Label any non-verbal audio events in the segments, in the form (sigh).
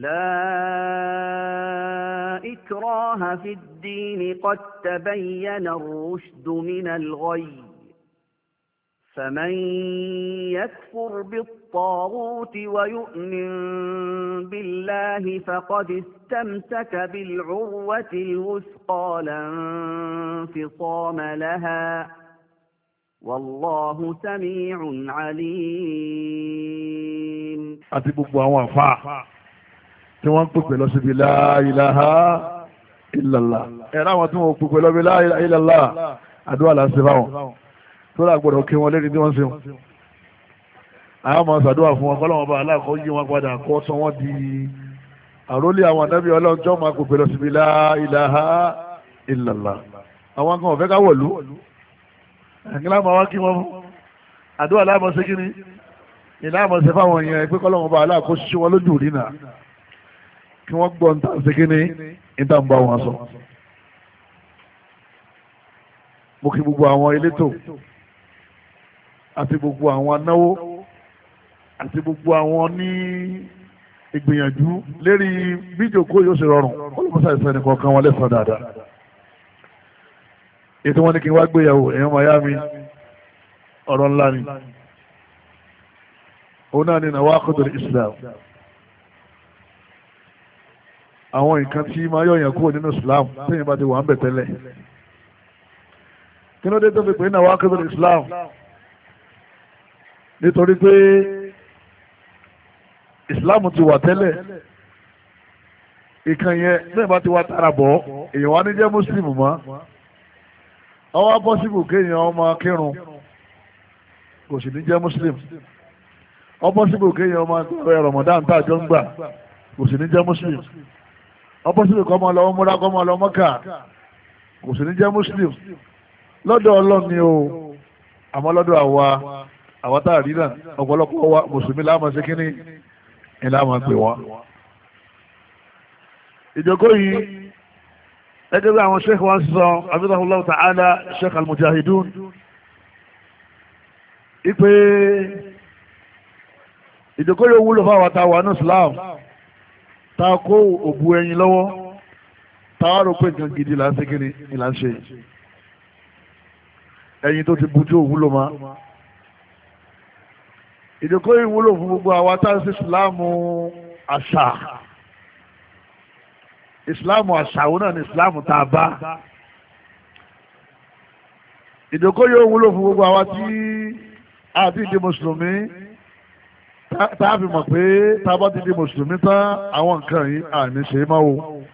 لا إكراه في الدين قد تبين الرشد من الغي فمن يكفر بالطاغوت ويؤمن بالله فقد استمسك بالعروة الوثقى لا انفصام لها والله سميع عليم tí wọ́n ń pèpè lọ síbi la ilaha illallah ẹ̀rọ àwọn tí wọ́n pèpè lọ síbi la ilaha illallah àdúrà là ń ṣe báwọn tó dà gbọ́dọ̀ kí wọn lérí bí wọ́n ṣe wọn. àwọn máa ṣàdúrà fún wọn kọ́ lọ́wọ́ bá aláàkọ́ yí wọn padà kọ́ sọ wọ́n di àrólé àwọn ànábì ọlọ́jọ́ máa pèpè lọ síbi la ilaha illallah àwọn kan ò fẹ́ ká wọ̀lú àgbẹ̀lá máa wá kí wọ́n fún àdúrà láàmọ̀ ṣe kí ni ìlà àmọ̀ ṣe fáwọn èèyàn ẹgbẹ́ kọ́lọ́wọ́n bá aláàkọ́ ṣiṣẹ́ wọn lójú rí náà kí wọ́n gbọ́ níta ṣe kí ni níta ń bá wọn sọ. mo kí gbogbo àwọn elétò àti gbogbo àwọn anáwó àti gbogbo àwọn ní ìgbìyànjú lérí bíjòkó yóò ṣe rọrùn olùmọ́sá ìsẹ́ni kọ̀ọ̀kan wọn lẹ́sàn dáadáa ètò wọn ni kí n wá gbéyàwó èèyàn miami ọ̀rọ̀ ńlá ni òun náà ni nàwa kọ́tò islam. islam àwọn nǹkan tí máa yọ yẹn kúrò nínú islam téèyàn bá ti wà ń bẹ̀ tẹ́lẹ̀ kí ló dé tó fi pè ní àwọn akẹ́kọ̀ọ́ islam nítorí pé islam ti wà tẹ́lẹ̀ ìkan yẹn téèyàn bá ti wà tara bọ̀ èèyàn wá ní jẹ́ muslim mọ́ ọwọ́ pọ́sibù kéèyàn ọmọ kírun kò sì ní jẹ́ muslim ọpọ́sibù kéèyàn ọmọ Ramadan tá a jọ ń gbà kò sì ní jẹ́ muslim. muslim ọpọ́sílẹ̀ kọ́ máa lọ múra kọ́ máa lọ mọ́kà kò sì ní jẹ́ muslim lọ́dọ̀ ọlọ́run ni o àmọ́ lọ́dọ̀ àwa àwa tá a rí náà ọ̀pọ̀lọpọ̀ wa mùsùlùmí láàmú ṣe kínní ni láàmú pè wá. ìjókòó yìí gẹ́gẹ́ bí àwọn sheikh wa ń sọ abdullahi ta'ala sheikh al-mujahidun ipe ìjókòó yóò wúlò fáwọn àtàwọn islam. islam tá a kó òbu ẹyin lọ́wọ́ tá a rò pé nǹkan gidi là ń ṣe kíni ìlà ń ṣe ẹyin tó ti bu tí òwúlò ma ìdókòwò ìwúlò fún gbogbo àwa tá a ṣe ìsìláàmù àṣà ìsìláàmù àṣà òun náà ni ìsìláàmù tá a bá ìdókòwò ìwúlò fún gbogbo àwa tí a ti di mùsùlùmí táàfì mọ̀ pé tábọ́ ti di mùsùlùmí tán àwọn nǹkan yìí àní ṣe máa wo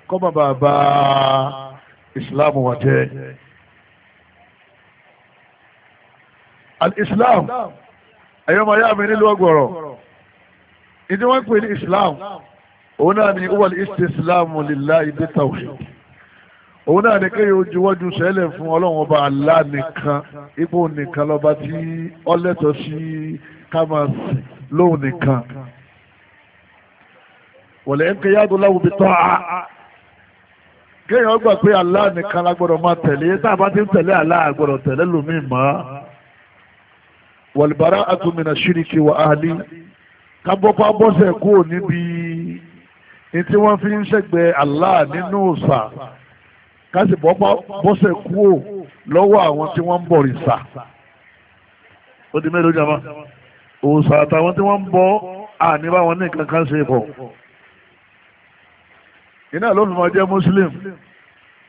kọ́ bàbá bá ìsìláàmù wà jẹ́ al-islam ẹ̀yọ́ máa yá mi nílùú ọgbọ̀rọ̀ ìdí wọ́n ń pè ní islam òun náà ni uwal istislamu lillahi bi tawhid òun náà ni kéye ojúwọ́jú sẹ́lẹ̀ fún ọlọ́run ọba Allah nìkan ipò nìkan lọ́ba tí ó sí ká lóhun kan wọ̀lẹ̀ ń kẹ́ yádùn a kéèyàn gbà pé pe nìkan lágbọ́dọ̀ máa tẹ̀lé tá a bá ti ń tẹ̀lé Allah àgbọ́dọ̀ tẹ̀lé lómi mọ́ wàlùbárà àtúmìnà ṣíríkì wà áhàlì kábọ́pá bọ́sẹ̀ kúrò níbi tí wọ́n fi ń ṣẹ̀gbẹ́ nínú ọ̀sà bọ́sẹ̀ kúrò lọ́wọ́ àwọn tí wọ́n ń ó di mélòó òòsà àtàwọn tí wọ́n ń bọ́ àní bá wọn ní kankan ṣe pọ̀ iná ló fìmọ̀ jẹ́ muslim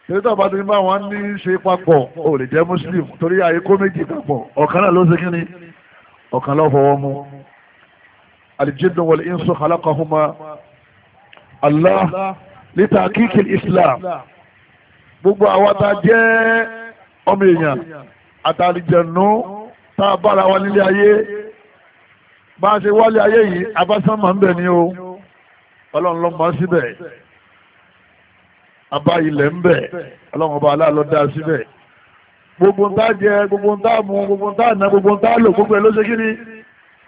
torí tó bá ti bá wọn ní ṣe papọ̀ ò lè jẹ́ muslim torí ayé kó méjì papọ̀ ọ̀kan náà ló ṣe kí ni ọ̀kan ló fọwọ́ mú aljinnu wal insu khalaqahuma allah litakiki islam gbogbo àwọn tá jẹ́ ọmọ èèyàn àtàlìjẹ̀nú tá a bára wa nílé ayé bá a ṣe wálé ayé yìí abásánmà ń bẹ̀ ni o ọlọ́run ló mọ̀ síbẹ̀ abá ilẹ̀ ń bẹ̀ ọlọ́run ọba aláàlọ́ dá síbẹ̀ gbogbo ń tá jẹ gbogbo ń tá mu gbogbo ń tá ná gbogbo ń tá lò gbogbo ẹ̀ ló ṣe kí ni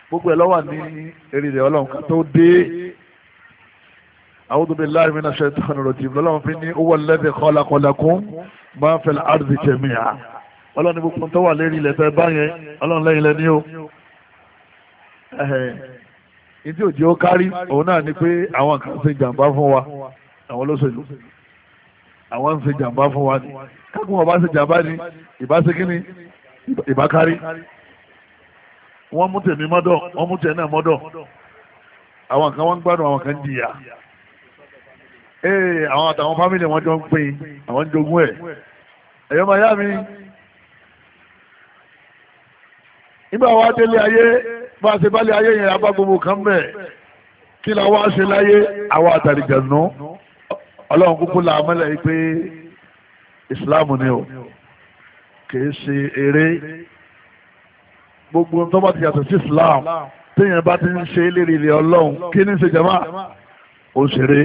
gbogbo ẹ̀ ló wà ní eré rẹ̀ ọlọ́run ká tó dé a'udhu billahi minash shaitanir rajim lọ́lọ́run fi ní huwa alladhi khalaqa lakum ma fil ardi jami'a ọlọ́run ní gbogbo ń tó lérí ilẹ̀ fẹ́ báyẹn ọlọ́run lẹ́yìn lẹ́ni o ìdí òjì ó kárí òun náà ni pé àwọn kan ṣe jàǹbá fún wa àwọn olóṣèlú àwọn ń ṣe jàǹbá fún wa ni kákùn wọn bá ṣe jàǹbá ni ìbá ṣe kí ni ìbá kárí wọ́n mú tèmi mọ́dọ̀ wọ́n mú tèmi náà mọ́dọ̀ àwọn kan wọ́n ń gbádùn àwọn kan ń jìyà ee àwọn àtàwọn fámìlì wọn jọ ń pín àwọn jogún ẹ̀ ẹ̀yọ́ máa yá mi nígbà wa délé ayé bá a ṣe bá lè ayé yẹn abá gbogbo kan bẹ́ẹ̀ kí la wá ṣe láyé àwa àtàlìjànú ọlọ́run kúkú la mọ́lẹ̀ yìí pé ìsìláàmù ni o kìí ṣe eré gbogbo tó bá ti yàtọ̀ sí ìsìláàmù téèyàn bá ti ń ṣe lérí ilé ọlọ́run kí ní ṣe jama ó ṣeré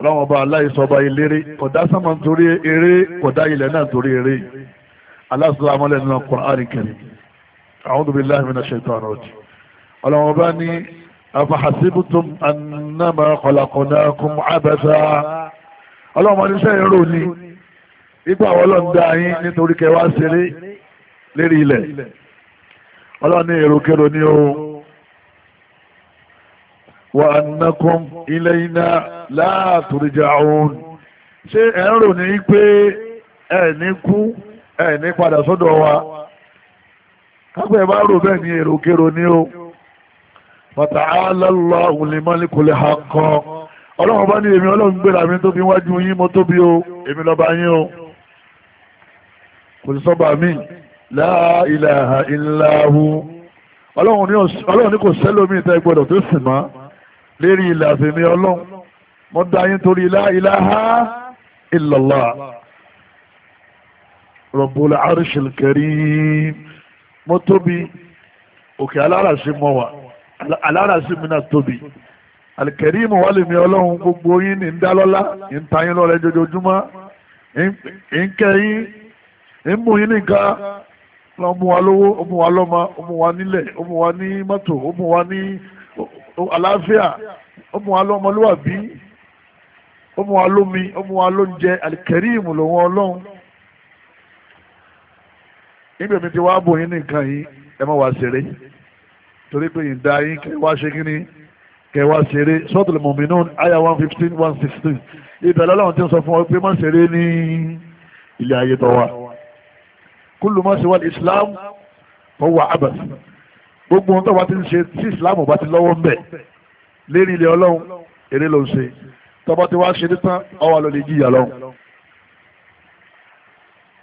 ọlọ́run ọba aláìsọba eléré kódà sánmọ̀ nítorí eré kódà ilẹ̀ náà nítorí eré aláṣọ amọ́lẹ̀ nínú Kùránì Kẹ́rímù. أعوذ بالله من الشيطان الرجيم العباني أفحسبتم أنما خلقناكم عبثا اللهم أن يسيروا لي إبا ولن داعين نتوري كواسري lérí ilẹ̀ ọlọ́ni èròkèrò ní o wa annakum ilayna la turja'un ṣé ẹ̀ ń rò ní pé ẹ̀ ní kú kápẹ́ bá rò bẹ́ẹ̀ ni èròkèrò ní o bàtà alálọ́ òlèmọ́lì kò lè ha kọ́ ọlọ́run bá ní èmi ọlọ́run gbéra mi tóbi wájú yín mo tóbi o èmi lọ́ba yín o kò sí sọ́ba mi la ilaha illa rabbul arshil karim mo tobi òkè aláràṣí mọ wa aláràṣí mi náà tóbi alikẹ́rìmù gbogbo yín ní ń dálọ́lá ń lọ́rẹ́ jojoojúmọ́ ń kẹ́ yín nìkan mú wa lówó ó mú wa lọ́mọ ó mú wa nílẹ̀ ó mú wa ní mọ́tò ó mú wa ní àlàáfíà ó mú wa lọ́mọlúwàbí ó níbi èmi ti wá bò yín nìkan yìí ẹ má wá ṣeré torí pé ìdá yín kẹ wá ṣe kíní kẹ wá ṣeré sọ́tùlù mọ̀mínú àyà one fifteen one sixteen ibẹ̀ lọ́lọ́run ti sọ fún ọ pé má ṣeré ní ilé ayé tó wà kúlù má ṣe wá ní Islam tó wà abàtì gbogbo ohun tó bá ti ń ṣe tí Islam bá ti lọ́wọ́ ń bẹ̀ lérí ilé ọlọ́run eré ló ń ṣe tó bá ti wá ṣe tán ọwọ́ ló lè jìyà lọ́hùn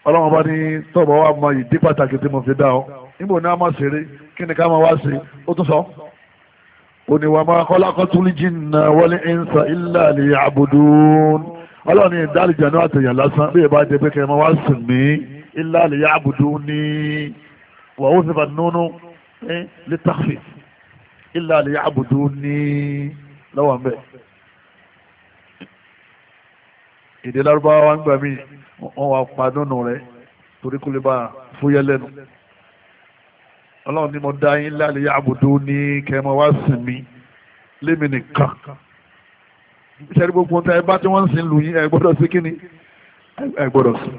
ọlọ́wọ́n bá ní tọ́ọ̀bù wa mọ ìdí pàtàkì tí mo fi dá ọ níbo ni a máa ṣeré kí ni ká máa wá sí ó tún sọ. ó ní wa ma khalaqatul jinna wal insa illa liya'budun ọlọ́run ní ìdálìjà ní àtẹ̀yàn lásán bí ìbá jẹ pé kẹ́ máa wá sìn mí illa liya'buduni wà ó sì bá nínú ní lítàfẹ́ illa liya'buduni lọ́wọ́ mbẹ́. èdè lárúbáwá ń gbà mí wọ́n wá pa dúnú rẹ̀ torí kó lè bá fúyẹ́ lẹ́nu ọlọ́run ni mo dá yín láàlẹ́ àbùdó ní kẹmọ wá sìn mí lémi nìkan ìṣẹ́rí gbogbo ọ̀tá ẹbá tí wọ́n ń sin lù yín ẹ gbọ́dọ̀ sí kíni ẹ gbọ́dọ̀ sí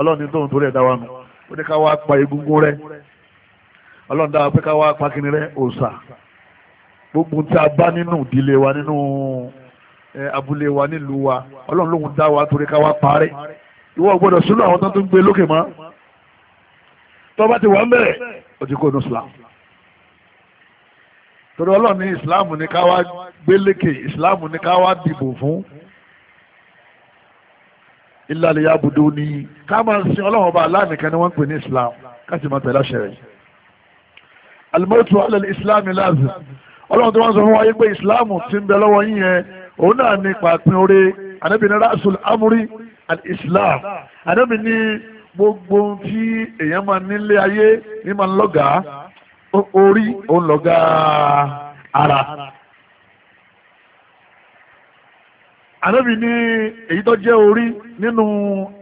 ọlọ́run ní tóun torí ẹ̀dá wa nù ó ní ká wá pa egungun rẹ ọlọ́run dáa pé ká wá pa kíni rẹ òòṣà gbogbo tí bá nínú ìdílé wa nínú abúlé wa nílùú wa ọlọ́run lóhun dá wa torí ká wá parẹ́ ìwọ gbọ́dọ̀ súnú àwọn tó ń gbé lókè mọ́ tó bá ti wà ń bẹ̀rẹ̀ ó ti kó inú islam torí ọlọ́run ní islam ní ká wá gbé lékè islam ní ká wá dìbò fún ìlàlẹ̀ yabudu ni ká máa ń sin ọlọ́run ọba aláàmìkan ni wọ́n ń pè ní islam ká sì máa tẹ̀lé àṣẹ rẹ̀ alimọ́tò alẹ́ islam lazim ọlọ́run tó wọ́n sọ fún wa yé pé islam ti ń bẹ lọ́wọ́ yín yẹn òun náà ní pàpín orí anábì ní amúrí al-islam anábì ní gbogbo tí èèyàn máa nílé ayé ní máa ń lọ́gàá orí òun lọ́gàá ara. anábì ní èyí tó jẹ́ orí nínú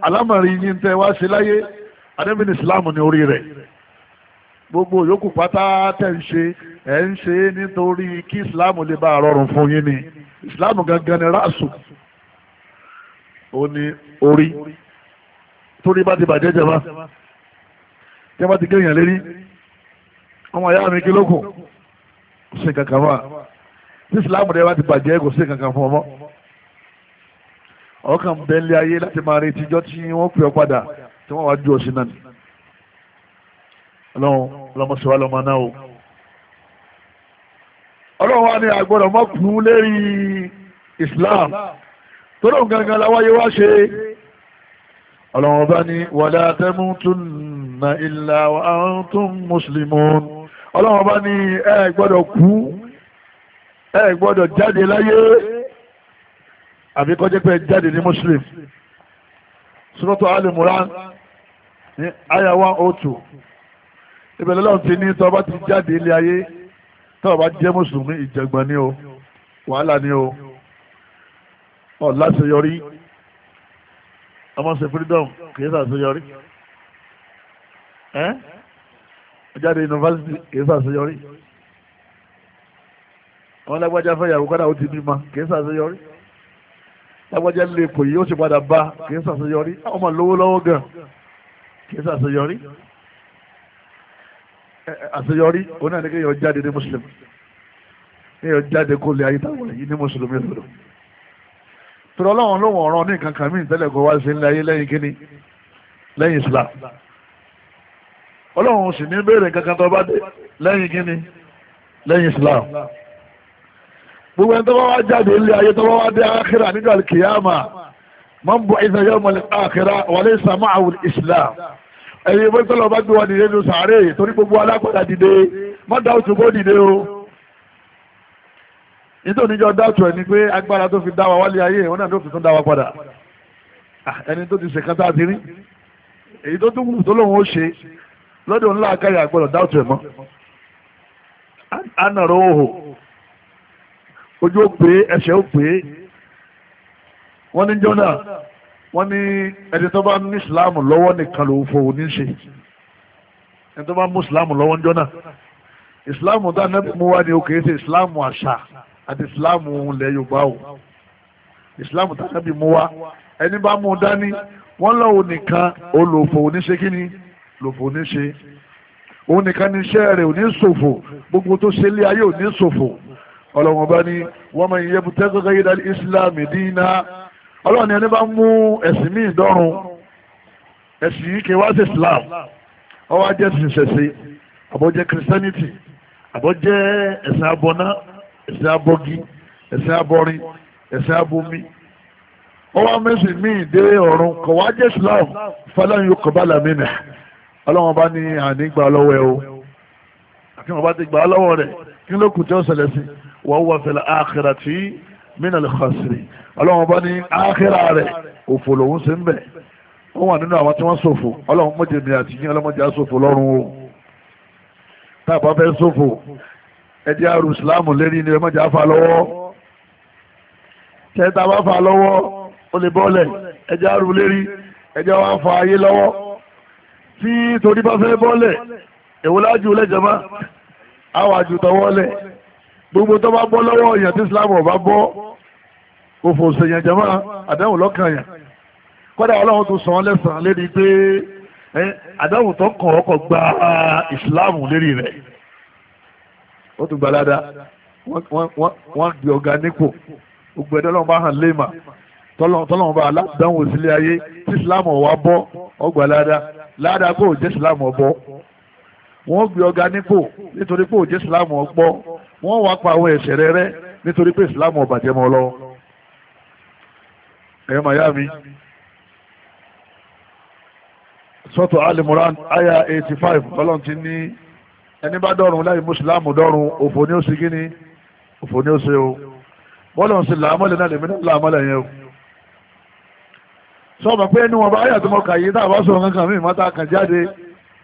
alámọ̀rin yìí ń tẹ́ wá sí láyé anábì ní islam ní orí rẹ̀ gbogbo yòókù pátá tẹ̀ ń ṣe ẹ̀ ń ṣe nítorí kí islam lè bá a rọrùn fún yín ni ìsìláàmù gangan ni ráàsù ó ori orí torí bá ti bàjẹ́ jẹba tí wọ́n bá ti kéèyàn lérí ọmọ ìyá mi kí ló kù kò sí kankan fún wa tí ìsìláàmù rẹ bá ti bàjẹ́ kò sí kankan fún ọmọ ọkàn bẹ́ẹ̀lẹ́ ayé láti máa retí ijọ́ tí wọ́n pè ọ́ padà tí wọ́n wá ju ọ̀sìn náà ni ọlọ́run ọlọ́mọṣẹ́wá lọ́mọ náà o ọlọ́run wa ni àgbọ̀dọ̀ mọ́kùnún lérí islam tó lóun gangan láwáyé wá ṣe ọlọ́run bá ní wala tamutunna illa wa antum muslimun ọlọ́run bá ní ẹ gbọ́dọ̀ kú ẹ gbọ́dọ̀ jáde láyé àbí kó jáde ní muslim suratu al ní àyà 102 ìbẹ̀lẹ́lọ́run ti ní tó bá ti jáde ilé ayé tó bá jẹ́ mùsùlùmí ìjàngbọ̀n ni o wàhálà ni o ọ̀ láṣeyọrí ọmọ ṣe freedom kìí ṣàṣeyọrí ẹ́ jáde yunifásitì kìí ṣàṣeyọrí àwọn lágbájá fẹ́ yàwó kọ́dà ó ti bímọ kìí ṣàṣeyọrí lágbájá lè kò yí ó sì padà bá kìí ṣàṣeyọrí ọmọ lówó lọ́wọ́ gan kìí ṣàṣeyọrí àṣeyọrí òun náà ní kéèyàn jáde ní mùsùlùmí kéèyàn jáde kó lè ayé táwọn yìí ní mùsùlùmí lòdò tọ́lọ́ ọlọ́run ló wọ̀n ọ̀ràn ní nǹkan kan mí ìtẹ́lẹ̀ kó wá sí ilé ayé lẹ́yìn kíní lẹ́yìn Islam ọlọ́run sì ní béèrè kankan tó bá dé lẹ́yìn kíní lẹ́yìn Islam gbogbo ẹni tó wá jáde ilé ayé tó wá dé àkírà nígbà kìyàmà mọ́ ń bọ̀ ìsàyẹ̀wò mọ̀lẹ́ àkírà wọlé Islam. Islam ẹ̀yin bó sọ́lọ́ bá gbé wa dìde nínú sàárè torí gbogbo alágbádá dìde má dá òtún bó dìde o nítorí níjọ dáàtù ẹ̀ ni pé agbára tó fi dá wa wálé ayé ìwọ́n náà ló fi tún dá wa padà ah, ẹni tó ti ṣèkan tá a ti rí èyí tó tún kù tó lóun ó ṣe lọ́dọ̀ ńlá akáyà gbọ́dọ̀ dáàtù ẹ̀ mọ́ anàrọ̀ òhò ojú ó pé ẹsẹ̀ ó pé wọ́n ní jọ́nà wọ́n ní ẹni tó bá ní ìsìláàmù lọ́wọ́ nìkan ló fò ní ṣe ẹni tó bá mú ìsìláàmù lọ́wọ́ ń jọ́nà ìsìláàmù tá nẹ́bí mú wá ní o kìí ṣe ìsìláàmù àṣà àti ìsìláàmù ilẹ̀ Yorùbá o ìsìláàmù tá nẹ́bí mú wá ẹni bá mú dání wọ́n lọ́wọ́ nìkan olùfò ní ṣe kí ni lòfò ní ṣe òun nìkan ní iṣẹ́ rẹ̀ ò ní ṣòfò gbogbo tó ṣe lé ayé ò ní ṣòfò ọlọ́wọ́n bá ní wọ́n máa yẹ ọlọ́run ẹni bá mú ẹ̀sìn míì dọ́run ẹ̀sìn yìí kì í wá sí Islam ọwọ́ ajẹ́ ẹ̀sìn ṣẹ̀ṣe Christianity àbọ̀jẹ́ ẹ̀sìn abọ́ná ẹ̀sìn abọ́gi ẹ̀sìn abọ́rin ẹ̀sìn abomi ọwọ́ mẹ́sìn míì dé ọ̀run kò wá jẹ́ Islam fọláyìn yóò kọ̀ bá làmínà ọlọ́run bá ní ànígbà lọ́wọ́ ẹ o àti wọn bá ti gbà á lọ́wọ́ rẹ̀ kí ló kù tí ó sí wọ́n wọ́n fẹ̀lẹ̀ mínà lè kọ́sìrì ọlọ́run bá ní ákẹ́rà rẹ̀ òfò lòun ṣe ń bẹ̀ ó wà nínú àwọn tí wọ́n ṣòfò ọlọ́run mọ̀jẹ̀ mi àti yín ọlọ́mọdé aṣòfò lọ́rùn o tá a bá fẹ́ ṣòfò ẹdí àrùn ìsìláàmù lérí ni ọmọdé afa lọ́wọ́ tẹ́tà bá fa lọ́wọ́ ó lè bọ́ọ̀lẹ̀ ẹdí àrùn lérí ẹdí àwọn afa ayé lọ́wọ́ tí torí bá fẹ́ bọ́ọ̀lẹ̀ èwo lájú lẹ́jọ́ má àwọn àjùtọ̀wọ́lẹ̀ gbogbo tó bá bọ́ lọ́wọ́ èèyàn tí islam ọba bọ́ òfò òsèyàn jẹ́mọ́ àdáhùn lọ́kàn yàn kọ́dà ọlọ́run tó sàn án lẹ́sàn-án lérí pé àdáhùn tó kàn ọkọ̀ gba islam lérí rẹ̀ ó tún gba dáadáa wọ́n gbé ọ̀gá nípò gbogbo ẹ̀dọ́ lọ́wọ́ bá hàn léèmà tọ́lọ́wọ́n bá aládàáhùn òsílẹ̀ ayé tí islam ọ̀wá bọ́ ọgbà ládàá ládàá kò jẹ́ islam ọ̀bọ wọ́n gbé ọ̀gá nípò nítorí pé òjẹ́ islam ọ̀gbọ́ wọ́n wá pa àwọn ẹ̀ṣẹ̀ rẹ rẹ́ nítorí pé ìsìláàmù ọba jẹ́ mọ́ lọ́wọ́ ẹ̀yọ́ miami sọ́tọ̀ alimuran aya 85 ọlọ́run ti ní ẹni bá dọ̀rùn láì mùsùlámù dọ̀rùn òfò ní ó sì gíní òfò ní ó ṣe o bọ́lọ̀n sí làámọ́lẹ̀ náà lèmi náà làámọ́lẹ̀ yẹn o sọ́ọ̀bà pé ẹni wọn bá ayà tó mọ kàyé tá a bá sọ̀rọ̀ kankan mí mọ́ta kan jáde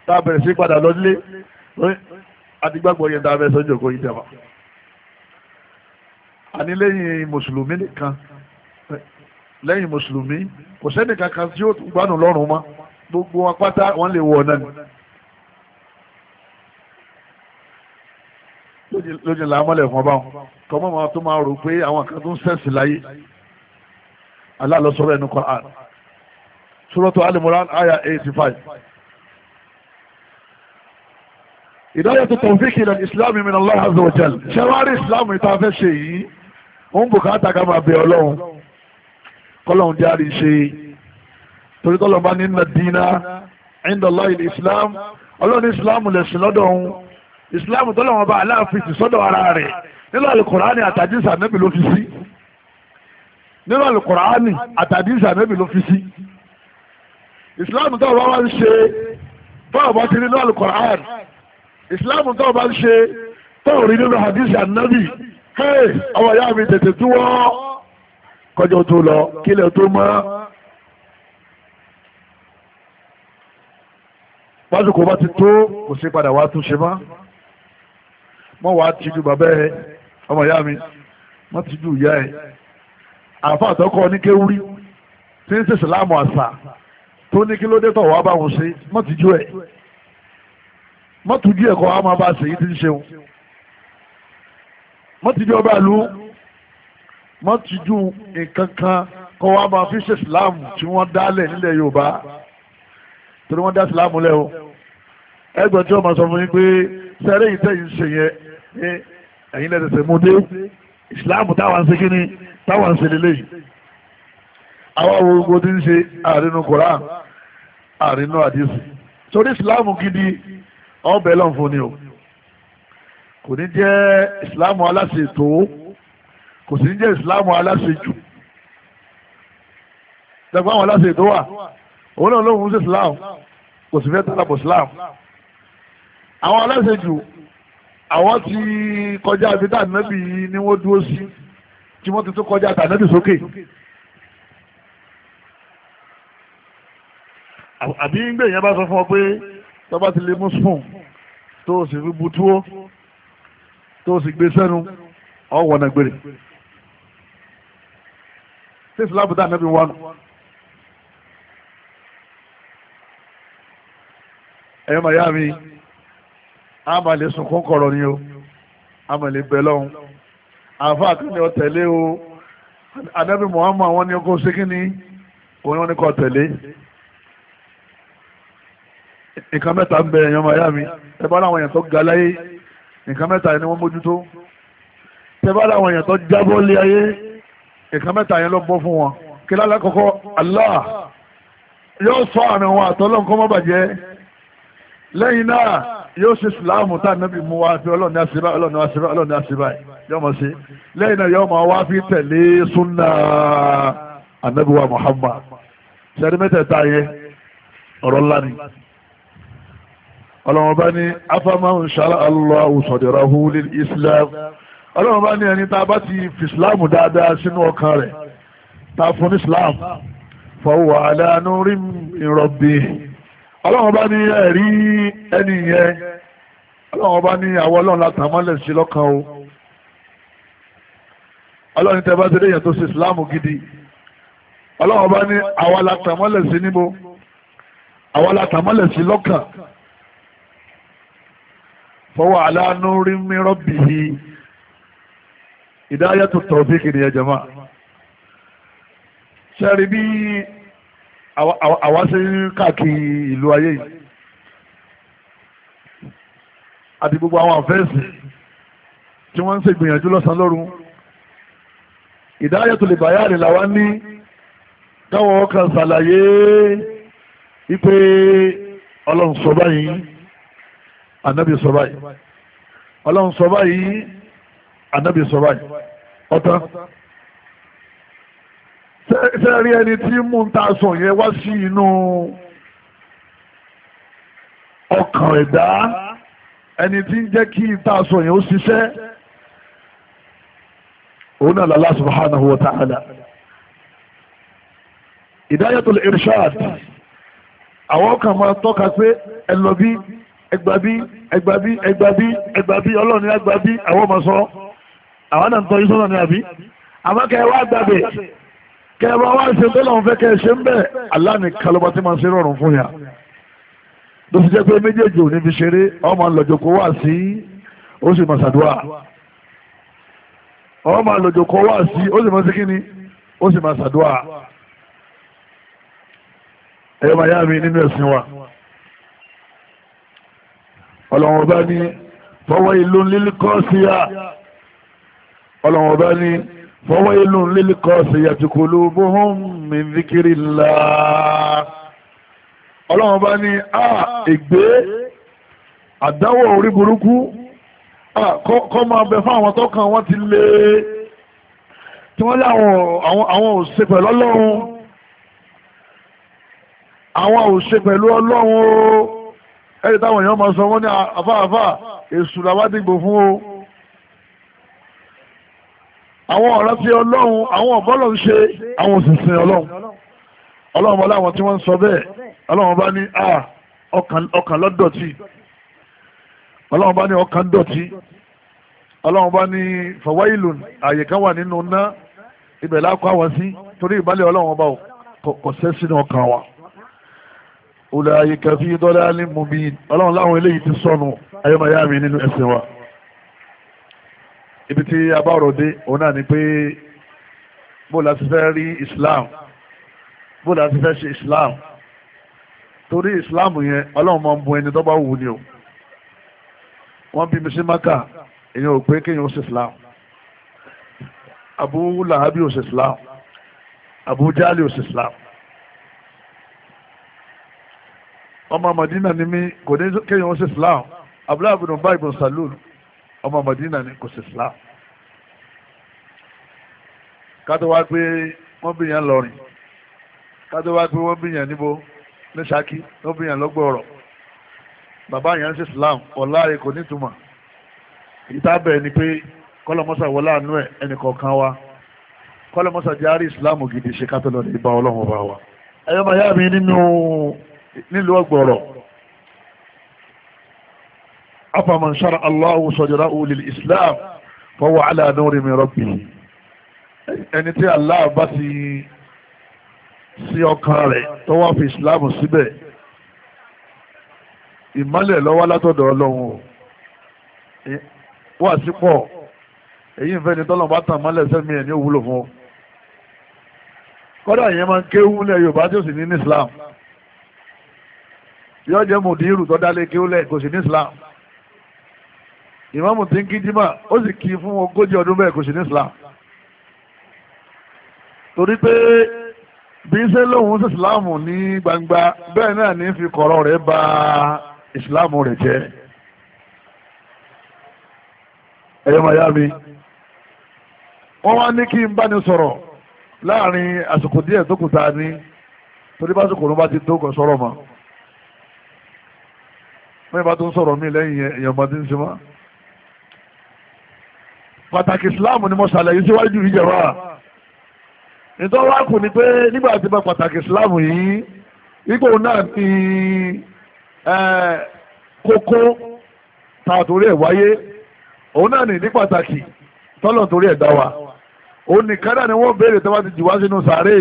tá a bẹ̀rẹ̀ sí padà lọ nílé àti gbàgbọ́ yẹn dáa mẹ́sàn-án jòkó yìí dẹ̀wà àní lẹ́yìn mùsùlùmí nìkan lẹ́yìn mùsùlùmí kò sẹ́nìkan kan tí ó gbádùn lọ́rùn mọ́ gbogbo wọn pátá wọn lè wọ̀ náà ni. lójú la mọ́lẹ̀ fún ọba wọn kọ́mọ́ máa tó máa rò pé àwọn kan tó ń sẹ́ǹsì láyé aláàlọ́sọ̀rọ̀ ẹnu Qur'an Suratu Al-Imran àyà eighty five ìdájọ́ tó tọ̀fíkì ilẹ̀ ìsìláàmù min Allah azza wa jal ṣẹwárí ìsìláàmù ìta fẹ́ ṣe yìí ó ń bùkátà ká máa bẹ ọlọ́run kọ́lọ́run járe ṣe torí tọ́lọ́ bá nínú dínà inda Allah ilẹ̀ ìsìláàmù ọlọ́run ìsìláàmù lẹ̀sìn lọ́dọ̀ òun ìsìláàmù tọ́lọ́ wọn bá aláàfin ti sọ́dọ̀ ara rẹ̀ nínú alukurani àtàdísà nẹ́bì ló fi sí nínú alukurani àtàdísà nẹ́bì ló fi sí ìsìláàmù tọ́lọ́ wọn ń ṣe tọ́lọ́ bá ti nínú alukurani ìsìláàmù tó o bá ń ṣe tó o rí nínú hadith anabi hey ọmọ ìyá mi tètè túwọ́ kọjọ tó lọ kílẹ̀ tó mọ́ pásìkò bá ti tó kò sí padà wá tún ṣe má mọ́ wàá tijú bàbá ẹ ọmọ ìyá mi mọ́ tijú ìyá ẹ àfa àtọ́kọ́ ní kéwúrí tí ń ṣe ìsìláàmù àṣà tó ní kí ló dé tọ̀ wá báwọn ṣe mọ́ tijú ẹ mọ́tòjú ẹ̀kọ́ a máa bá ṣe yìí ti ń ṣeun mọ́tòjú ọba ìlú mọ́tòjú nǹkan kan kọ́ wa máa fi ṣe ìsìláàmù tí wọ́n dálẹ̀ nílẹ̀ Yorùbá torí wọ́n dá ìsìláàmù lẹ́ o ẹgbẹ́ tí wọ́n máa sọ fún yín pé sẹ́rẹ́ yìí tẹ̀yìn ṣe yẹn ẹ̀yin lẹ́sẹ̀sẹ̀ mú dé ìsìláàmù táwọn ṣe kí ni táwọn ṣe lélẹ̀ yìí àwọn gbogbo ti ń ṣe àrínú Kòrán àrínú àdìsí ọbẹ̀ lọ́n fún ni o kò ní jẹ́ ìsìláàmù aláṣẹ tó kò sì ní jẹ́ ìsìláàmù aláṣẹ jù dàgbà àwọn aláṣẹ tó wà òun náà lóhun sí ìsìláàmù kò sì fẹ́ tààbọ̀ ìsìláàmù àwọn aláṣẹ jù àwọn ti kọjá ibi tá ànábì ni wọ́n dúró sí tí wọ́n ti tún kọjá tànábì sókè. àbí ń gbé èèyàn bá sọ fún ọ pé tọ́ba ti lè mú spoon tó o sì fi bu túwó tó o sì gbé sẹ́nu ọ̀wọ̀ náà gbére tí ìsìláàbù dáa nẹ́bí wánu. ẹ̀yọ́ màyá mi àmàlẹ́ sunkún kọ̀rọ̀ ni o àmàlẹ́ bẹ̀ lọ́hùn àfa àkànní ọ̀tẹ̀lé o anabi muhammad wọn ni kò ṣe kí ni òun ni kò tẹ̀lé nǹkan mẹ́ta ń bẹ ẹ̀yàn ọmọ ayá mi ẹ bá láwọn èèyàn tó ga láyé nǹkan mẹ́ta ni wọ́n mójútó tẹ bá láwọn èèyàn tó jábọ́ lé ayé nǹkan mẹ́ta yẹn ló bọ́ fún wọn kí lálẹ́ kọ́kọ́ Allah yóò sọ àrùn wọn àtọ́lọ́n kọ́ mọ́ bàjẹ́ lẹ́yìn náà yóò ṣe sùláàmù tá ànábì mú wa fi ọlọ́ọ̀ni àṣìbá ọlọ́ọ̀ni àṣìbá ọlọ́ọ̀ni àṣìbá yóò mọ̀ sí lẹ́yìn náà yóò mọ̀ wá fi tẹ̀lé súnà ànábì Muhammad ṣẹ́ni mẹ́tẹ̀ẹ̀ta yẹn ọ̀rọ̀ ńlá ni ọlọ́run bá ní afámáhùn ṣára aláwọ̀ sọ̀dẹ̀rọ̀ húlé islam ọlọ́run bá ní ẹni tá a bá ti fi islam dáadáa sínú ọkàn rẹ̀ tá a fún islam fọwọ́ aláàánú rí ìrọ̀bì ọlọ́run bá ní ẹ̀rí ẹni yẹn ọlọ́run bá ní àwọn ọlọ́run látàmọ́lẹ̀ sí lọ́kàn o ọlọ́run tẹ bá délé yẹn tó ṣe islam gidi ọlọ́run ní àwọn látàmọ́lẹ̀ sí níbo àwọn látàmọ́lẹ̀ sí lọ́kàn fọwọ́ aláàánú rí mírọ́ bì í ìdáyà tó tọ̀ sí kìnìyàn jama ṣẹ́rí bí àwa ṣe ń káàkiri ìlú ayé yìí àti gbogbo àwọn àfẹ́sì tí wọ́n ń ṣe gbìyànjú lọ́sàn-án lọ́rùn ìdáyà tó lè bàyà rẹ̀ làwa ní táwọn kan ṣàlàyé wípé ọlọ́run sọ báyìí anabi sọ báyìí ọlọ́run sọ báyìí anabi sọ báyìí ọ̀tá sẹ́ẹ̀rí ẹni tí mú ń ta sọ yẹn wá sí inú ọkàn ẹ̀dá ẹni tí ń jẹ́ kí ìta sọ yẹn ó ṣiṣẹ́ òun náà lálá subhanahu wa ta'ala ìdáyàtò irshad àwọn kan máa tọ́ka pé ẹ ẹgbàbí ẹgbàbí ẹgbàbí ẹgbàbí ọlọ́run ní agbàbí àwọn ọmọ sọ àwọn náà ń tọ́ yíṣọ́nà ní àbí àmọ́ kẹwàá gbàgbé kẹwàá wá ṣe tó lọ́n fẹ́ kẹ ṣe ń bẹ̀ aláàní kalọba tí máa ń ṣe rọrùn fún yà tó fi jẹ́ pé méjèèjì ò fi ṣeré ọmọ lọ́jọ́kọ́ wà sí ó sì máa ṣàdúrà ọmọ lọ́jọ́kọ́ wà sí ó sì máa ṣe kíni ó sì máa ṣàdúrà ẹ̀yọ́ màyá mi nínú ẹ̀sìn wa ọlọ́run ọba ní fọwọ́ ìlú lílíkọ́ sí yá ọlọ́run ọba ní fọwọ́ ìlú lílíkọ́ sí yá tí kò ló bóhùn mi zikiri ńlá ọlọ́run ọba ní a ègbé àdáwọ̀ orí burúkú kọ́ máa bẹ fún àwọn tọ́kàn wọ́n ti lé tí wọ́n lé àwọn òṣè pẹ̀lú ọlọ́run àwọn òṣè pẹ̀lú ọlọ́run o ẹ̀rì táwọn èèyàn máa sọ wọ́n ní àfáàfá èṣù làwọn fún o àwọn ọ̀rọ̀ tí ọlọ́run àwọn ọ̀bọ́lọ̀ ń ṣe àwọn òṣìṣẹ́ ọlọ́run ọlọ́run bá láwọn tí wọ́n ń sọ bẹ́ẹ̀ ọlọ́run bá ní ọkàn lọ́dọ̀tì ọlọ́run bá ní ọkàn dọ̀tì ọlọ́run bá ní fọwọ́ìlùn àyè kan wà nínú ná ibẹ̀ lákọ̀ àwọn sí torí ìbálẹ̀ ọlọ́run bá kò ọláyíká fi dọ́lá ní mùmí ọlọ́run láwọn eléyìí ti sọnù ayọ́mọ̀yá mi nínú ẹ̀sìn wa ibi tí a bá ọ̀rọ̀ dé òun náà ni pé bó la ti fẹ́ rí islam bó la ti fẹ́ ṣe islam torí islam yẹn ọlọ́run máa ń bu ẹni tó wù ni o wọ́n bí mi sí maka èèyàn ò pé kéèyàn ó ṣe islam abu lahabi ó ṣe islam abu jali ó ṣe islam. ọmọ Madina ni mi kò ní kéèyàn ó ṣe Islam Abdullahi ibn Ubay ibn Salul ọmọ Madina ni kò ṣe Islam kátó wá pé wọ́n bí yẹn lọ́rin kátó wá pé wọ́n bí yẹn níbo ní Ṣakí wọ́n bí yẹn lọ́gbọ̀ọ̀rọ̀ bàbá yẹn ṣe Islam ọ̀láre kò ní túmọ̀ ìtàbẹ̀ ni pé kọ́lọ́mọ́sà wọlé àánú ẹ̀ ẹnìkọ̀ọ̀kan wa kọ́lọ́mọ́sà járí Islam gidi ṣe kátó lọ́dẹ̀ ìbá ọlọ́run ọba wa ẹ̀yọ́ màyá mi nínú nílùú ọgbọ̀rọ̀ afaman ṣára aláwọ̀ sọ̀jọ̀rá olè islam fọwọ́ aláàdánwòrán mi rọ́bì ẹni tí aláà bá ti sí ọkàn rẹ̀ tó wá fi islam síbẹ̀ ìmọ́lẹ̀ lọ́wọ́ látọ̀dọ̀ ọlọ́run wà sípọ̀ èyí ń fẹ́ ni tọ́lọ̀ bá tàn mọ́lẹ̀ sẹ́mi ẹ̀ ní òwúlò fún kọ́dà yẹn máa ń kéwú lẹ̀ yorùbá tí ó sì ní ní islam. islam yóò jẹ́ mùdírù tó dálé kí ó lẹ̀ kò sí ní Islam ìmáàmù tí ń kí jímà ó sì kí fún ogójì ọdún bẹ́ẹ̀ kò sí ní Islam torí pé bí ń ṣe lóhun sí Islam ní gbangba bẹ́ẹ̀ náà ní fi kọ̀rọ̀ rẹ̀ bà Islam rẹ̀ jẹ́ ẹ̀yọ́ mayami wọ́n wá ní kí n bá ní sọ̀rọ̀ láàrin àsìkò díẹ̀ tó kù ta ní torí bá sọ̀kò ló bá ti tó kọ̀ sọ̀rọ̀ mọ́ wọ́n yẹn bá tó ń sọ̀rọ̀ mí lẹ́yìn èèyàn bá ti ń sinmi. pàtàkì ìsìláàmù ni mo ṣàlàyé síwájú ìjọba nítorí wá kù ni pé nígbà tí bá pàtàkì ìsìláàmù yìí ipò náà ni kókó ta torí ẹ̀ wáyé òun náà nì ní pàtàkì tọ́lọ̀ torí ẹ̀ dá wa òun nìkan náà ni wọ́n béèrè tí wọ́n ti jù sínú sàárè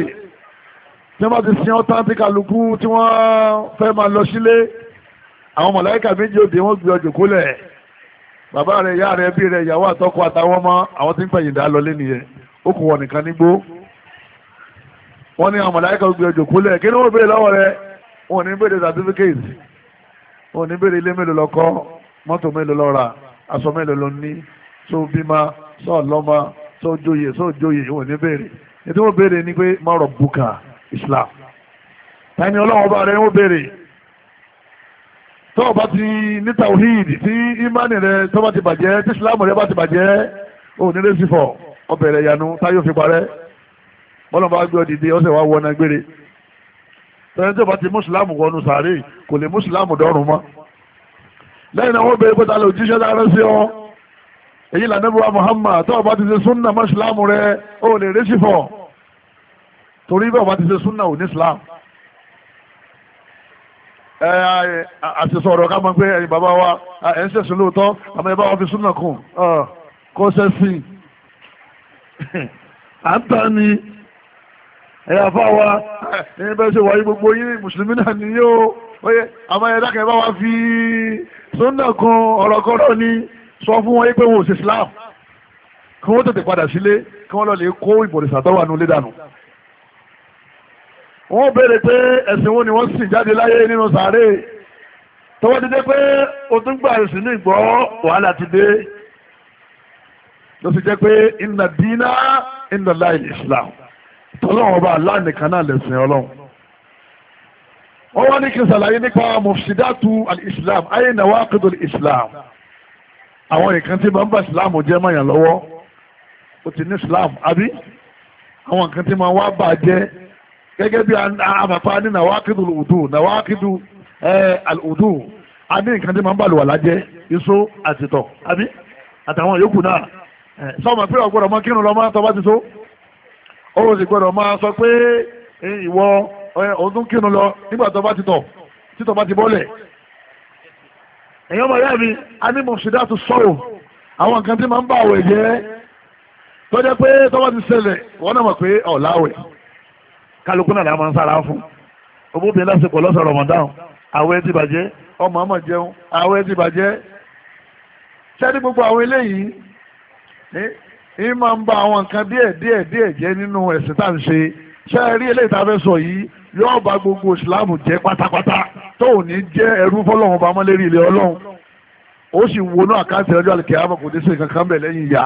tí wọ́n ti sin ọ́ tán tí kálukú tí wọ́n fẹ́ máa lọ sílé àwọn mọ̀láíkà méjì òde wọ́n gbé ọjọ́ kólẹ̀ bàbá rẹ̀ ìyá rẹ̀ ẹbí rẹ̀ ìyàwó àtọ́kọ àtàwọn ọmọ àwọn tí ń pẹ̀yìn dá lọ lé nìyẹn ó kò wọ̀ nìkan nígbó wọ́n ní àwọn mọ̀láíkà gbé ọjọ́ kólẹ̀ kí ni wọ́n béèrè lọ́wọ́ rẹ̀ wọn ò ní béèrè certificate wọn ní béèrè ilé mélòó lọ mọ́tò mélòó lọ aṣọ mélòó lọ ní tó bímá sọ lọ́mọ tó joyè tó joyè ni pé má rọ̀ bùkà tọ́wọ́ bá ti ní tawhid tí imani rẹ tọ́wọ́ ti bàjẹ́ tí islamu rẹ bá ti bàjẹ́ ò ní lẹ́sìn fọ ọbẹ̀ rẹ yanu táyọ̀ fi parẹ́ bọ́lá bá gbé ọdìdí ọ̀sẹ̀ wa wọnà gbére tẹ́lẹ̀ tí o bá ti mùsùlámù wọnú sàárè kò lè mùsùlámù dọ́rùn mọ́ lẹ́yìn náà wọ́n bẹ̀rẹ̀ pé ta ló jíṣẹ́ lára sí ọ èyí là nẹ́bùrà Muhammad tọ́wọ́ bá ti ṣe súnà mùsùlámù rẹ ò lè lẹ́sìn fọ torí bẹ́ẹ̀ bá ti ṣe súnà ò ní islam àti sọ̀rọ̀ ká mọ̀ pé ẹ̀yin bàbá wa ẹ̀ ń ṣẹ̀sìn lóòótọ́ àmọ́ ẹ bá wa fi súnà kùn kó sẹ́sìn à ń tà ní ẹ̀yà fà wa ẹ̀yin bẹ́ẹ̀ ṣe wáyé gbogbo yín mùsùlùmí náà ní yóò oye àmọ́ ẹ̀dá kan ẹ bá wa fi súnà kùn ọ̀rọ̀ kọ́rọ̀ ni sọ fún wọn pé wọn ò sí Islam kí wọ́n tètè padà sílé kí wọ́n lọ lè kó ìbòrìṣà tó wà nulẹ̀ wọ́n béèrè pé ẹ̀sìn wo ni wọ́n sì jáde láyé nínú sàárè tọwọ́ ti pé o tún gbà ẹ̀sìn ní ìgbọ́ wàhálà ti dé ló sì jẹ́ pé inna dina inna láì islam tọ́lọ́wọ́n ọba aláǹkan náà lẹ̀sìn ọlọ́run wọ́n wá ní kí n ṣàlàyé nípa mufsidatu al-islam ayé nawaqidu al-islam àwọn nǹkan tí máa islam jẹ́ mọ́yàn lọ́wọ́ o ti ní islam àbí àwọn nǹkan tí máa wá bà gẹ́gẹ́ bí àmàfà ní nàwákìdù òdù nàwákìdù òdù a ní nǹkan tí máa ń bàlù wà lájẹ́ iṣó àtìtọ̀ àbí àtàwọn yòókù náà sọ́mọ̀ pé ọ̀gbọ́dọ̀ mọ́ kírun lọ́mọ́ tọ́ bá ti so ó sì gbọ́dọ̀ máa sọ pé ìwọ ọdún kírun lọ nígbà tó bá ti tọ̀ títọ̀ bá ti bọ́lẹ̀ ti kálukú náà la máa ń sára fún obìnrin lásìkò lọ́sọ̀ rọ̀mọ̀dáhùn àwẹ̀ ti bàjẹ́ ọmọ ọmọ jẹun àwẹ̀ ti bàjẹ́ sẹ́ni gbogbo àwọn eléyìí ní máa ń ba àwọn nǹkan díẹ̀ díẹ̀ díẹ̀ jẹ́ nínú ẹ̀sìn tá à ń ṣe ṣé ẹ rí eléyìí tá a fẹ́ sọ yìí yóò ba gbogbo ìsìláàmù jẹ́ pátápátá tó ò ní jẹ́ ẹrú fọlọ́run ọba mọ́lẹ́rì ilé ọlọ́run ó sì wo àkáǹtì ọjọ́ àlùkè àmọ́ sí nǹkan kan bẹ̀ lẹ́yìn ìyá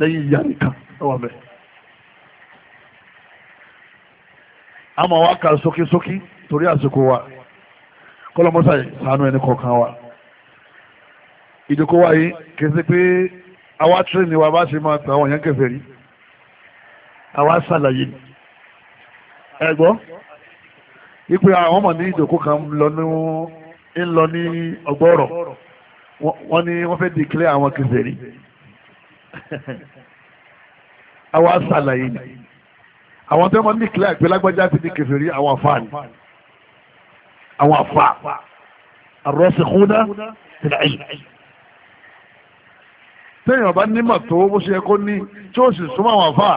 lẹ́yìn ìyá nìkan ẹ bẹ́ẹ̀. a máa wá kà sókísókí torí àsìkò wa kọ́lọ́mọ́sà sànú ẹni kọ̀ọ̀kan wa ìdíkó wa yìí kì í ṣe pé àwa tírẹ̀nì wa bá ṣe máa tà àwọn èèyàn kèfèrí àwa ṣàlàyé ẹ̀gbọ́ ipe àwọn ọmọ ní ìdòkó kan lọ ní ń lọ ní ọgbọ́rọ̀ wọ́n ní wọ́n fẹ́ dìklẹ́ àwọn kèfèrí (laughs) àwa ṣàlàyé nìyí àwọn tó máa ní kílẹ̀ àgbẹ̀ lágbájá ti di kèfèrí àwọn àfa ni àwọn àfa àrọ́sẹ̀kúndà tìlà ẹ̀yìn. téèyàn bá nímọ̀ tó bó ṣe yẹ kó ní tí ó sì súnmọ́ àwọn àfa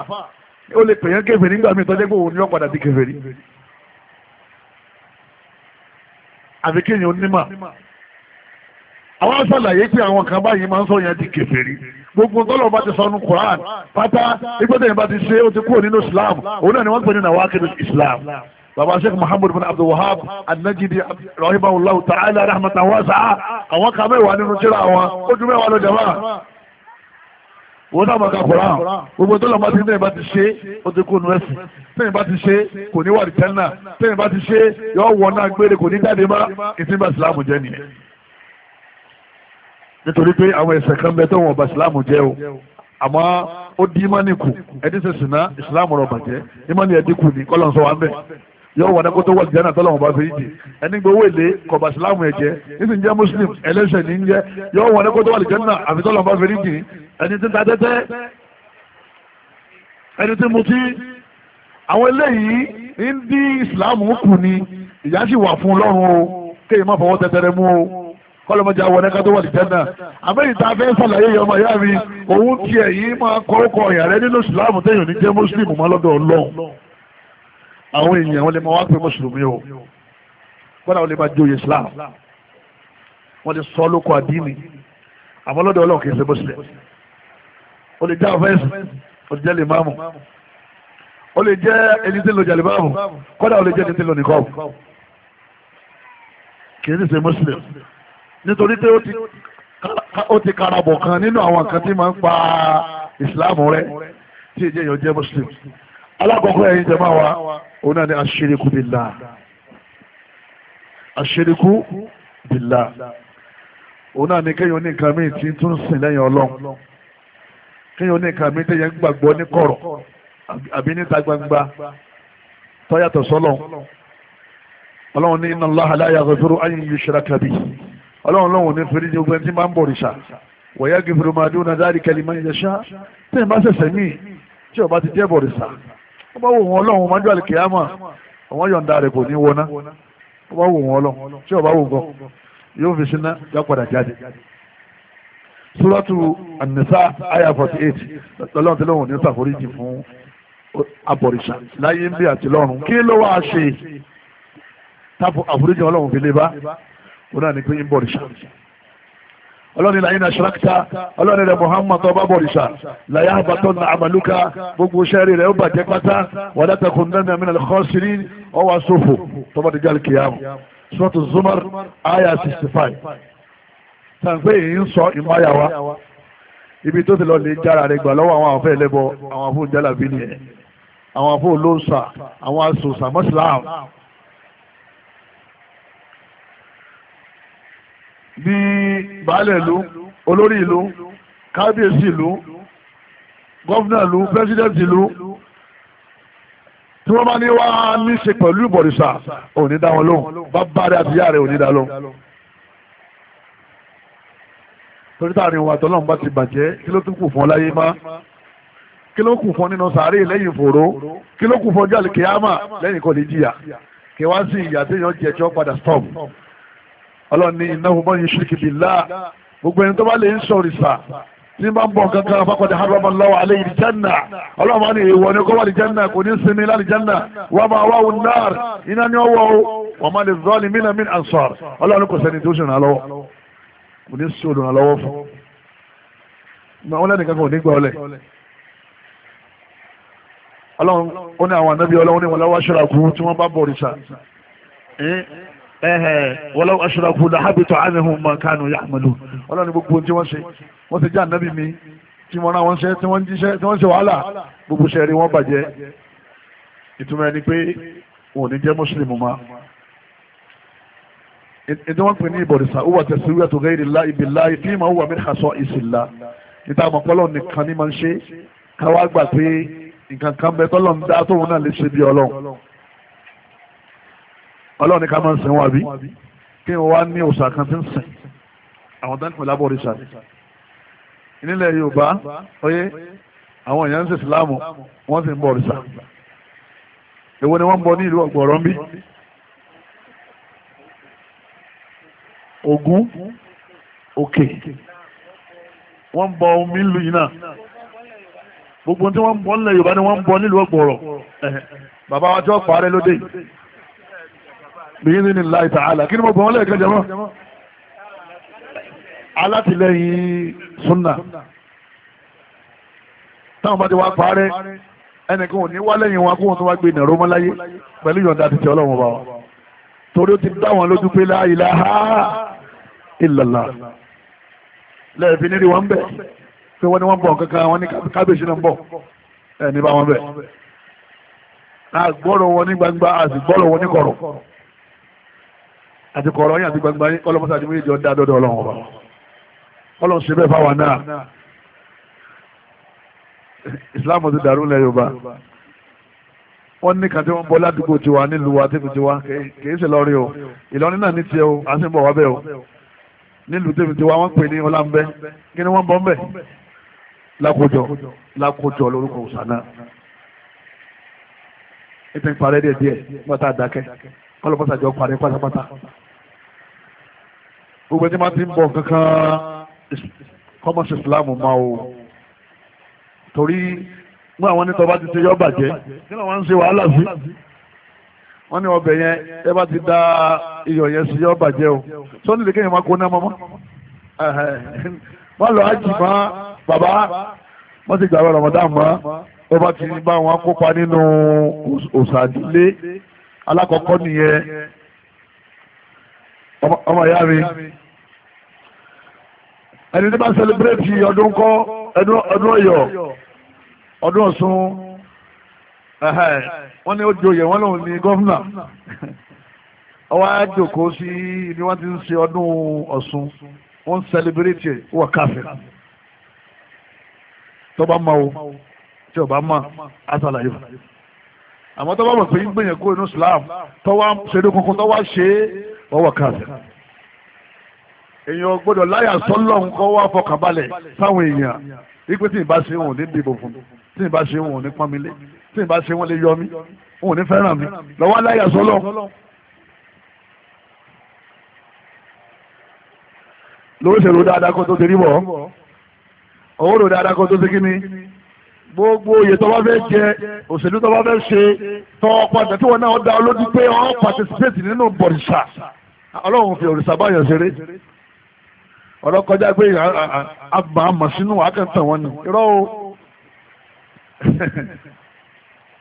ó lè pèyàn kèfèrí nígbà míì tọ́jú pé òun ni wọ́n padà di kèfèrí. àfi kéèyàn onímọ̀ àwọn sàlàyé pé àwọn kan báyìí máa ń sọ yẹn di kèfèrí gbogbo tọ́lọ̀ bá ti sọ nu Quran pátá ìgbọ́dọ̀ yẹn bá ti ṣe ó ti kúrò nínú Islam òun náà ni wọ́n pè ní nawakidu Islam baba sheikh muhammad bin abdul wahab annajidi rahimahullahu ta'ala rahmatan wasi'a àwọn kan mẹ́wàá nínú tírà wọn ó ju mẹ́wàá lọ jama wọ́n náà máa ka Quran gbogbo tọ́lọ̀ bá ti ní ìbá ti ṣe ó ti kúrò nínú ẹ̀sìn tẹ́yìn bá ti ṣe kò ní wà ní tẹ́lẹ̀ náà tẹ́yìn bá ti ṣe yọ nítorí pé àwọn ẹ̀ṣẹ̀ kan bẹ tó wọn ọba ìsìláàmù jẹ́ o àmọ́ ó di ìmánì kù ẹni ṣe sìnà ìsìláàmù rọ̀ bàjẹ́ ìmánì ẹ̀dín kù ní kọ́lọ̀ sọ wa ń bẹ̀ yóò wà lẹ́kọ́ tó wà lìjánà tọ́lọ̀ wọn bá fi jì ẹni gbé owó èlé kọ̀bà sílámù ẹ̀jẹ̀ nísìnyí jẹ́ muslim ẹlẹ́sẹ̀ ní jẹ́ yóò wà lẹ́kọ́ tó wà lìjánà àfi tọ́lọ̀ wọn bá fi jì ẹni tí ń ta tẹ́tẹ́ ẹni tí mutí àwọn eléyìí ń dí ìsìlámù kù ni ìyà sì kọlọmọdé àwọn ẹ̀ka tó wà ní jẹ́nà àmẹ́yìn tá a fẹ́ sàlàyé yẹn ọmọ ìyá mi òun ti ẹ̀yìn máa kọ́kọ́ ọ̀yà rẹ nínú ìsìláàmù téèyàn ní jẹ́ mùsùlùmù má lọ́dọ̀ ọlọ́run àwọn èèyàn wọn lè máa wá pé mùsùlùmí o kọ́dà wọn lè máa jóye islam wọ́n lè sọ lóko àdínì àmọ́ lọ́dọ̀ ọlọ́run kì ṣe mùsùlùm o lè jẹ́ àfẹ́sì o lè jẹ́ lè o lè jẹ́ ẹni tí ń lo jàlè máàmù kọ́dà o lè jẹ́ ẹni tí ń lo ṣe mùsùlùm nítorí pé ó ti karabọ̀ kan nínú àwọn nǹkan tí máa ń pa islam rẹ tí èjì èèyàn jẹ́ muslim alákọ̀ọ́kọ́ ẹ̀yin jẹ́ máa wa òun náà ni aṣiriku billah aṣiriku billah òun náà ni kéèyàn ní nǹkan míì tí tún sìn lẹ́yìn ọlọ́run kéèyàn ní nǹkan míì téèyàn gbàgbọ́ ní kọ̀rọ̀ àbí níta gbangba tó yàtọ̀ ọlọ́run ní inna Allaha la yaghfiru an yushraka bihi ọlọ́run lọ́wọ́ ní fèrè ní ogun ẹni tí máa ń bọ̀ rìṣà wọ̀yá gífúrú máa dún náà dárí kẹlí máa ń yẹṣá tí ẹ̀ bá ṣẹ̀ṣẹ̀ míì tí ọba ti jẹ́ bọ̀ rìṣà ó bá wò wọn ọlọ́run máa ń dúwàlì kìyàmà àwọn yọ̀ǹda rẹ̀ kò ní wọná ó bá wò wọn ọlọ́run tí ọba wò gan yóò fi ṣínà yóò padà jáde. súrọ́tù ànìsá àyà forty eight lọ́lọ́run tí lóhùn ní òun náà ní pé ń bọ̀rìṣà ọlọ́ni la iná ṣarakta ọlọ́ni rẹ̀ Muhammad ọba bọ̀rìṣà láyé àbátọ́ na àmàlúkà gbogbo sẹ́rí rẹ̀ ó bàjẹ́ pátá wà látàkùn náà mìíràn lọ́kọ́sírí ọwà sófò tọ́bọ̀dé jáde kìyàmù sọ́tù Zumar aya 65 tàǹpé yìí ń sọ ìmáyàwá ibi tó ti lọ lè jára rẹ̀ gbà lọ́wọ́ àwọn àfẹ́ ẹlẹ́bọ àwọn àfọ́ jálàbí nìyẹn àwọn àfọ́ olóòsà àwọn asòsà mọ́sílámù bí baálẹ̀ ìlú olórí ìlú kábíyèsí ìlú gọ́fìnà ìlú pẹ́sidẹ́ǹtì ìlú tí wọ́n bá ní wá ní ṣe pẹ̀lú ìbọ̀rìṣà òní dá wọn lóhùn bàbá rẹ̀ àti ìyá rẹ̀ òní dá lóhùn. torí táàrin wa tọ́lọ́run bá ti bàjẹ́ kí ló tún kù fún ọ láyé má kí ló kù fún nínú sàárè lẹ́yìn fòró kí ló kù fún ọjọ́ àlùkìyámà lẹ́yìn kò jìyà kí wá sí ìyà téèyàn jẹjọ́ padà stop ọlọ́run ní iná ọmọ yìí ṣíkì bí láà gbogbo ẹni tó bá lè ń sọ òrìṣà tí bá ń bọ̀ kankan afákọ̀dé harama lọ́wọ́ alẹ́ yìí jẹ́nà ọlọ́run máa ní èèwọ̀ ni kó wà ní jẹ́nà kò ní sinmi láti jẹ́nà wà máa wá òun náà iná ní ọwọ́ o wọ́n máa lè zọ́ọ̀lì mí náà mí ansar ọlọ́run kò sẹ́ni tó ṣèrànà lọ́wọ́ kò ní sí ẹ̀hẹ̀ wọ́lọ́ aṣọ́rakú la hábitọ̀ ánihun ma kánú yàmàlú ọlọ́ni gbogbo tí wọ́n ṣe wọ́n ti já ànábì mi tí wọ́n rán wọn ṣe tí wọ́n jíṣẹ́ tí wọ́n ṣe wàhálà gbogbo ṣe rí wọ́n bàjẹ́ ìtumọ̀ ẹni pé wọn ò ní jẹ́ mùsùlùmí ma ìdí wọ́n pè ní ìbọ̀rìṣà ó wà tẹ̀síwíyà tó gẹ́rì lá ibi lá ibi mà ó wà mí xasọ ọlọ́run ní ká máa ń sìn wọn àbí kí wọ́n wá ní òòsà kan tí ń sìn àwọn tó ń pè lábọ̀ òrìṣà nílẹ̀ yorùbá oyé àwọn èèyàn ń sè síláàmù wọ́n sì ń bọ òrìṣà èwo ni wọ́n ń bọ ní ìlú ọ̀gbọ̀rọ̀ ń bí ògún òkè wọ́n ń bọ omi ìlú yìí náà gbogbo tí wọ́n ń bọ nílẹ̀ yorùbá ni wọ́n ń bọ nílùú ọ̀gbọ̀rọ̀ bàbá wa tí wọ́n lóde yìí bìyìn ní láì tààlà kí ni mo bọ̀ wọ́n lẹ́ẹ̀kan jẹ́mọ́ alátìlẹ́yìn súnà táwọn bá ti wá parẹ́ ẹnìkan ò ní wá lẹ́yìn wọn kó wọn tó wá gbé ìnàró mọ́ láyé pẹ̀lú ìyọ̀ǹda àti ti ọlọ́run bá wọn torí ó ti dá wọn lójú pé la ilaha illallah lẹ́ẹ̀fì nírí àti kọ̀ọ̀rọ̀ yín àti gbangba yín kọ́lọ́mọ́sá àti méjì ọ̀dá dọ́dọ̀ ọlọ́run ọba ọlọ́run ṣe bẹ́ẹ̀ fáwọn náà ìsìláàmù ti dàrú lẹ́ yorùbá wọ́n ní kàtí wọ́n bọ́ ládùúgbò tiwa nílùú wa tèmi tiwa kìí ṣe lọ́rí o ìlọrin náà ní tiẹ̀ o à ń sìn bọ̀ wá bẹ́ẹ̀ o nílùú tèmi tiwa wọ́n pè ní ọlámbẹ́ kí ni wọ́n bọ́ mbẹ́ lákòjọ lákòjọ lórúkọ òsànà ètò ìparẹ́ díẹ̀ díẹ̀ pátá dákẹ́ kọ́lọ́pọ́sà parẹ́ pátápátá gbogbo ẹni máa ti ń bọ̀ kankan kọ́mọ̀sì ìsìláàmù máa o torí mú àwọn onítọ̀ bá ti ṣe yọ́ bàjẹ́ kí ni wọ́n ń ṣe wàhálà sí wọ́n ní ọbẹ̀ yẹn ẹ bá ti da iyọ̀ yẹn sí yọ́ bàjẹ́ o sọ́ni lè kéèyàn máa kó náà mọ́mọ́ wọ́n lọ ájì mọ́ bàbá wọ́n ti gbàgbọ́ Ramadan mọ́ ó bá ti bá wọn kópa nínú òsàdílé alákọ̀ọ́kọ́ nìyẹn ọmọ ìyá mi ẹni tí bá sẹlẹbírẹ́tì ọdún kọ́ ọdún ọ̀yọ́ ọdún ọ̀ṣun wọ́n ní ó joyè wọ́n lòun ní gọ́fúnà ọwọ́ àjòkó sí ni wọ́n ti ń ṣe ọdún ọ̀ṣun wọ́n ń sẹlẹbírẹ́tì wọ́n káfẹ́ tọ́ba máa wo tí ọba máa àtàlàyé fún àmọ́ tọ́ba mọ̀ pé ń gbìyànjú inú Islam tọ́wá ṣeré kunkun tọ́wá ṣe é ọwọ́ káfẹ́ èèyàn gbọ́dọ̀ láyà sọ́lọ́hún kọ́ wá fọkànbalẹ̀ sáwọn èèyàn wípé tí ìbá ṣe wọn ò ní dìbò fún mi tí ìbá ṣe wọn ò ní pọ́n mi lé tí ìbá ṣe wọn lè yọ mí wọn ò ní fẹ́ràn mi lọ́wọ́ láyà sọ́lọ́hún. lówó ṣe ro dáadáa kó tó ti rí bọ̀ owó ro dáadáa kó tó ti kí ni gbogbo oyè tó bá fẹ́ jẹ òṣèlú tó bá fẹ́ ṣe tọ́ padà tí wọn náà dá olójú pé ọ́ participate nínú bọ̀rìṣà ọlọ́run fi òrìṣà báyọ̀ ṣeré ọ̀rọ̀ kọjá pé àbá àmọ̀ sínú àkàntàn wọn ni irọ́ o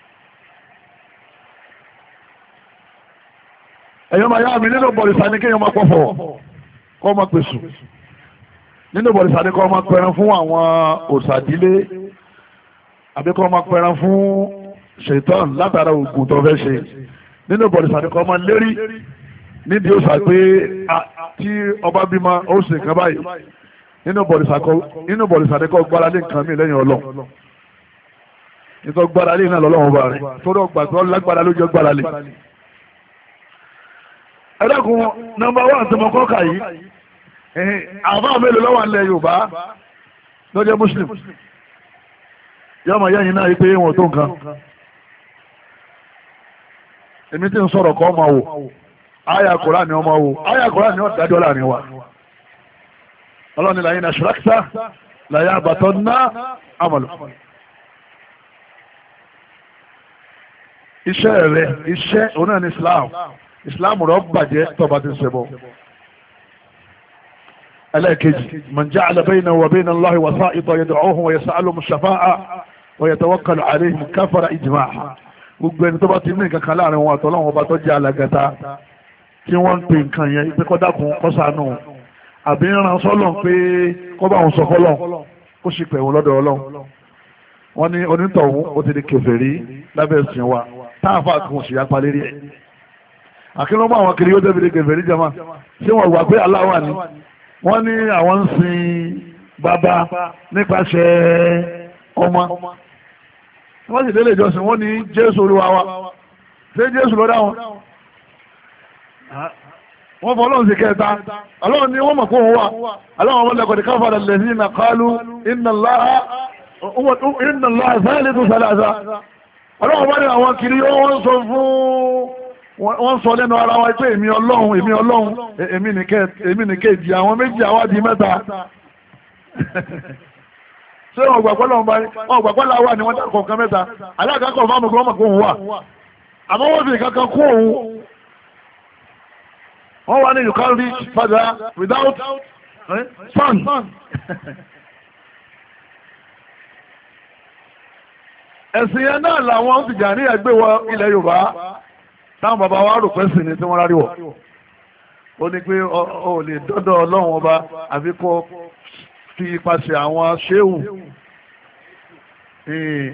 (laughs) ẹ̀yọ́ máa yá mi nínú bọ̀rìsà ni kéèyàn máa pọ̀fọ̀ kọ́ máa pèsè nínú bọ̀rìsà ni kọ́ máa pẹran fún àwọn òṣàdílé àbí kọ́ máa pẹran fún ṣètọ́n látara ògùn tó fẹ́ ṣe nínú bọ̀rìsà ni kọ́ máa lérí níbi ó sà pé tí ọba bímọ ó sì nǹkan báyìí nínú bọ̀dìsà kọ́ gbára lé nǹkan mi lẹ́yìn ọlọ́run nítorí gbára lé iná lọ́lọ́run ọba rẹ̀ torí ọgbà tó lágbára lójú gbára lé. ẹ dákun nọ́mbà wà tó mọ kọ́kà yìí àwọn mélòó lọ́wọ́ ilẹ̀ Yorùbá lọ́jọ́ Muslim yọmọ yẹyin náà yí pé wọn ò tó nǹkan èmi tí ń sọ̀rọ̀ kọ́ ọmọ wò àyà kura ni ọmọ wo àyà kura ni ọ̀dájọ́ láàrin wa ọlọ́ni làyìn náà ṣùràkìtà làyà àbàtọ̀ ná àmàlù. iṣẹ́ rẹ̀ iṣẹ́ òun náà ní Islam Islam rọ̀ bàjẹ́ tọba ti ń ṣe bọ́. ẹlẹ́ẹ̀kejì man ja'ala bayna wa bayna Allahi wasa'ita yad'uhum wa yas'aluhum shafa'a wa yatawakkalu alayhim kafara ijma'a gbogbo ẹni tó ti ní nǹkan kan láàrin wọn àtọ́lọ́wọ́n tí wọ́n ń pè nǹkan yẹn pé kọ́ dákun kọ́ sànù àbí ń ran sọ́lọ̀ pé kọ́ bá òun sọ fọ́lọ̀ kó sì pẹ̀wò lọ́dọ̀ ọlọ́run wọ́n ní onítọ̀hún ó ti di kèfèrí lábẹ́ ìsìn wa táàfà kún sì yapa lérí ẹ̀ àkínú mọ́ àwọn kiri yóò débi di kèfèrí jama ṣé wọ́n gbà pé aláwa ni wọ́n ní àwọn ń sin bàbá nípasẹ̀ ọmọ wọ́n sì délé ìjọsìn wọ́n ní jésù olúwa wa ṣé jésù ló dá wọn wọ́n fọ́ ọlọ́run sí kẹta ọlọ́run ni wọ́n mọ̀ fún wa ọlọ́run wọn lẹ́kọ̀ọ́ ní káfàdà lẹ́sí iná kálú iná láà sáyẹ́lì tó sàlàsà ọlọ́run bá ní àwọn kiri wọ́n sọ fún wọ́n sọ lẹ́nu ara wa pé èmi ọlọ́run èmi ọlọ́run e, èmi ní kejì àwọn méjì àwádìí mẹ́ta (laughs) ṣé wọn gbàgbọ́ lọ́wọ́ bá wọn gbàgbọ́ làwọn wà ní wọ́n dà kọ̀ọ̀kan mẹ́ta alága kọ̀ọ̀fà mọ̀gbọ́n mọ̀gbọ́n wà àmọ́ wọ́n fi kankan kún òun wọ́n wá ní you can't reach father without eh, son. (laughs) ẹ̀sìn yẹn náà làwọn ti jà ní ẹgbẹ́ wọ ilẹ̀ Yorùbá táwọn bàbá wa rò pẹ́ sìn ní tí wọ́n rárí wọ̀ ó ní pé ó lè dọ́dọ̀ Ọlọ́run ọba àfi kó fi ipasẹ̀ àwọn ṣéwù eh,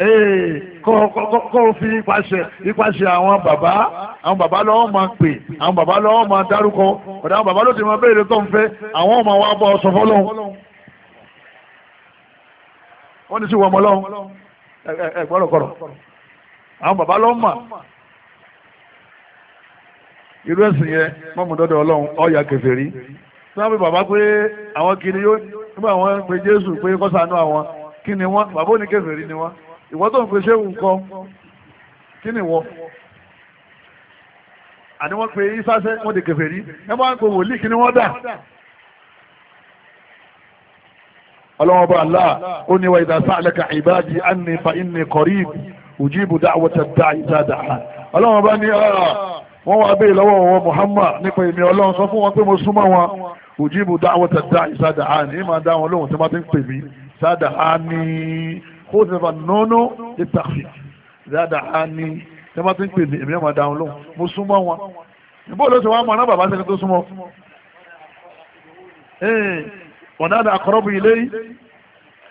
kọ́ fi ipasẹ̀ ipasẹ̀ àwọn bàbá àwọn bàbá lọ́wọ́ máa pè àwọn bàbá lọ́wọ́ máa dárúkọ ọ̀dà àwọn bàbá ló ti máa béèrè tó ń fẹ́ àwọn ọmọ wa bọ́ ọsọ fọ́lọ́hún wọ́n ní sí wọ́n mọ́lọ́hún ẹ̀gbọ́rọ̀kọ̀rọ̀ àwọn bàbá lọ́wọ́ mà irú ẹ̀sìn yẹn mọ́mùdọ́dọ̀ ọlọ́run ọ̀yà kèfèrí sábẹ́ bàbá pé àwọn kiri yóò nígbà wọn pe Jésù pé kọ́sánú àwọn kí ni wọ́n bàbá oníkèfèrí ni wọ́n ìwọ tó ń pe ṣéwù nǹkan kí ni wọ àní wọ́n pe ìsáṣẹ́ wọ́n di kèfèrí ẹ máa ń pe wòlíì kí ni wọ́n dà ọlọ́wọ́n bá aláà ó ní wa idha sa'alaka ibadi anni fa inni qarib ujibu da'wata da'i idha da'a ọlọ́wọ́n bá ní ah, wọ́n wá bẹ́ẹ̀ lọ́wọ́ wọn Muhammad nípa èmi ọlọ́run sọ fún wọn pé mo súnmọ́ wọn ujibu da'wata da'i idha da'a ní ìmọ̀ dá wọn lóhùn tí wọ́n ti ń pè mí sáà á ní kó tẹ̀lé nọ́nọ́ ìtàkì dáadáa á ní tẹ́ bá ti ń pè mí èmi náà máa dáhùn lóhùn mo súnmọ́ wọn ìbò ló ti wá mọ̀ náà bàbá sẹ́ni tó súnmọ́ ọ̀nà eh, àdá àkọ́rọ́bù ilé yìí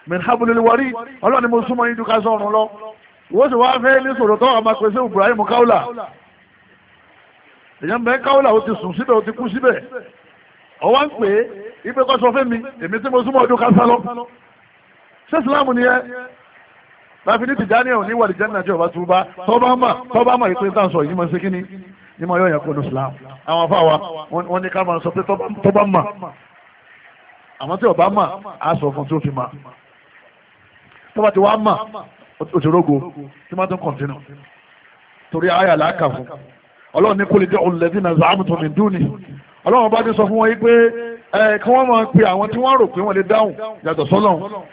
mẹ́nìhábùlélẹ̀ wárí ọlọ́ni mo súnmọ́ yín dúkà sọ́run lọ wọ́n sì wá fẹ́ ní sọ̀rọ̀ tó àwọn akpẹ́sẹ́ Ibrahim Kaula èyàn bẹ́ẹ̀ Kaula ó ti sùn síbẹ̀ ó ti kú síbẹ̀ ọwọ́ ń pè é ibi kọ́ sọ fún mi èmi tí mo súnmọ́ dúkà sálọ ṣé Islam ni yẹn láfi ní tìjáni ò ní wàlìjẹ́ ní àjọ ìbátú bá tọ́ba mà tọ́ba mà ìpín tá à ń sọ yìí máa ń ṣe kí ni ní máa yọ ìyẹn kó ní Islam àwọn afá wa wọ́n ní ká máa sọ pé tọ́ba mà àmọ́ tí ọba mà á sọ fún tí ó fi mà tọ́ba ti wá mà ó ti rógo tí má tó ń kọ̀ntínú torí àyà làákà fún ọlọ́run ní kólé jẹ́ olùlẹ́dínà zàmùtò mi dúni ọlọ́run bá ti sọ fún wọn yìí pé kí wọ́n máa pe àwọn tí wọ́n rò pé wọ́n lè dáhùn yàtọ̀ sọ́lọ́run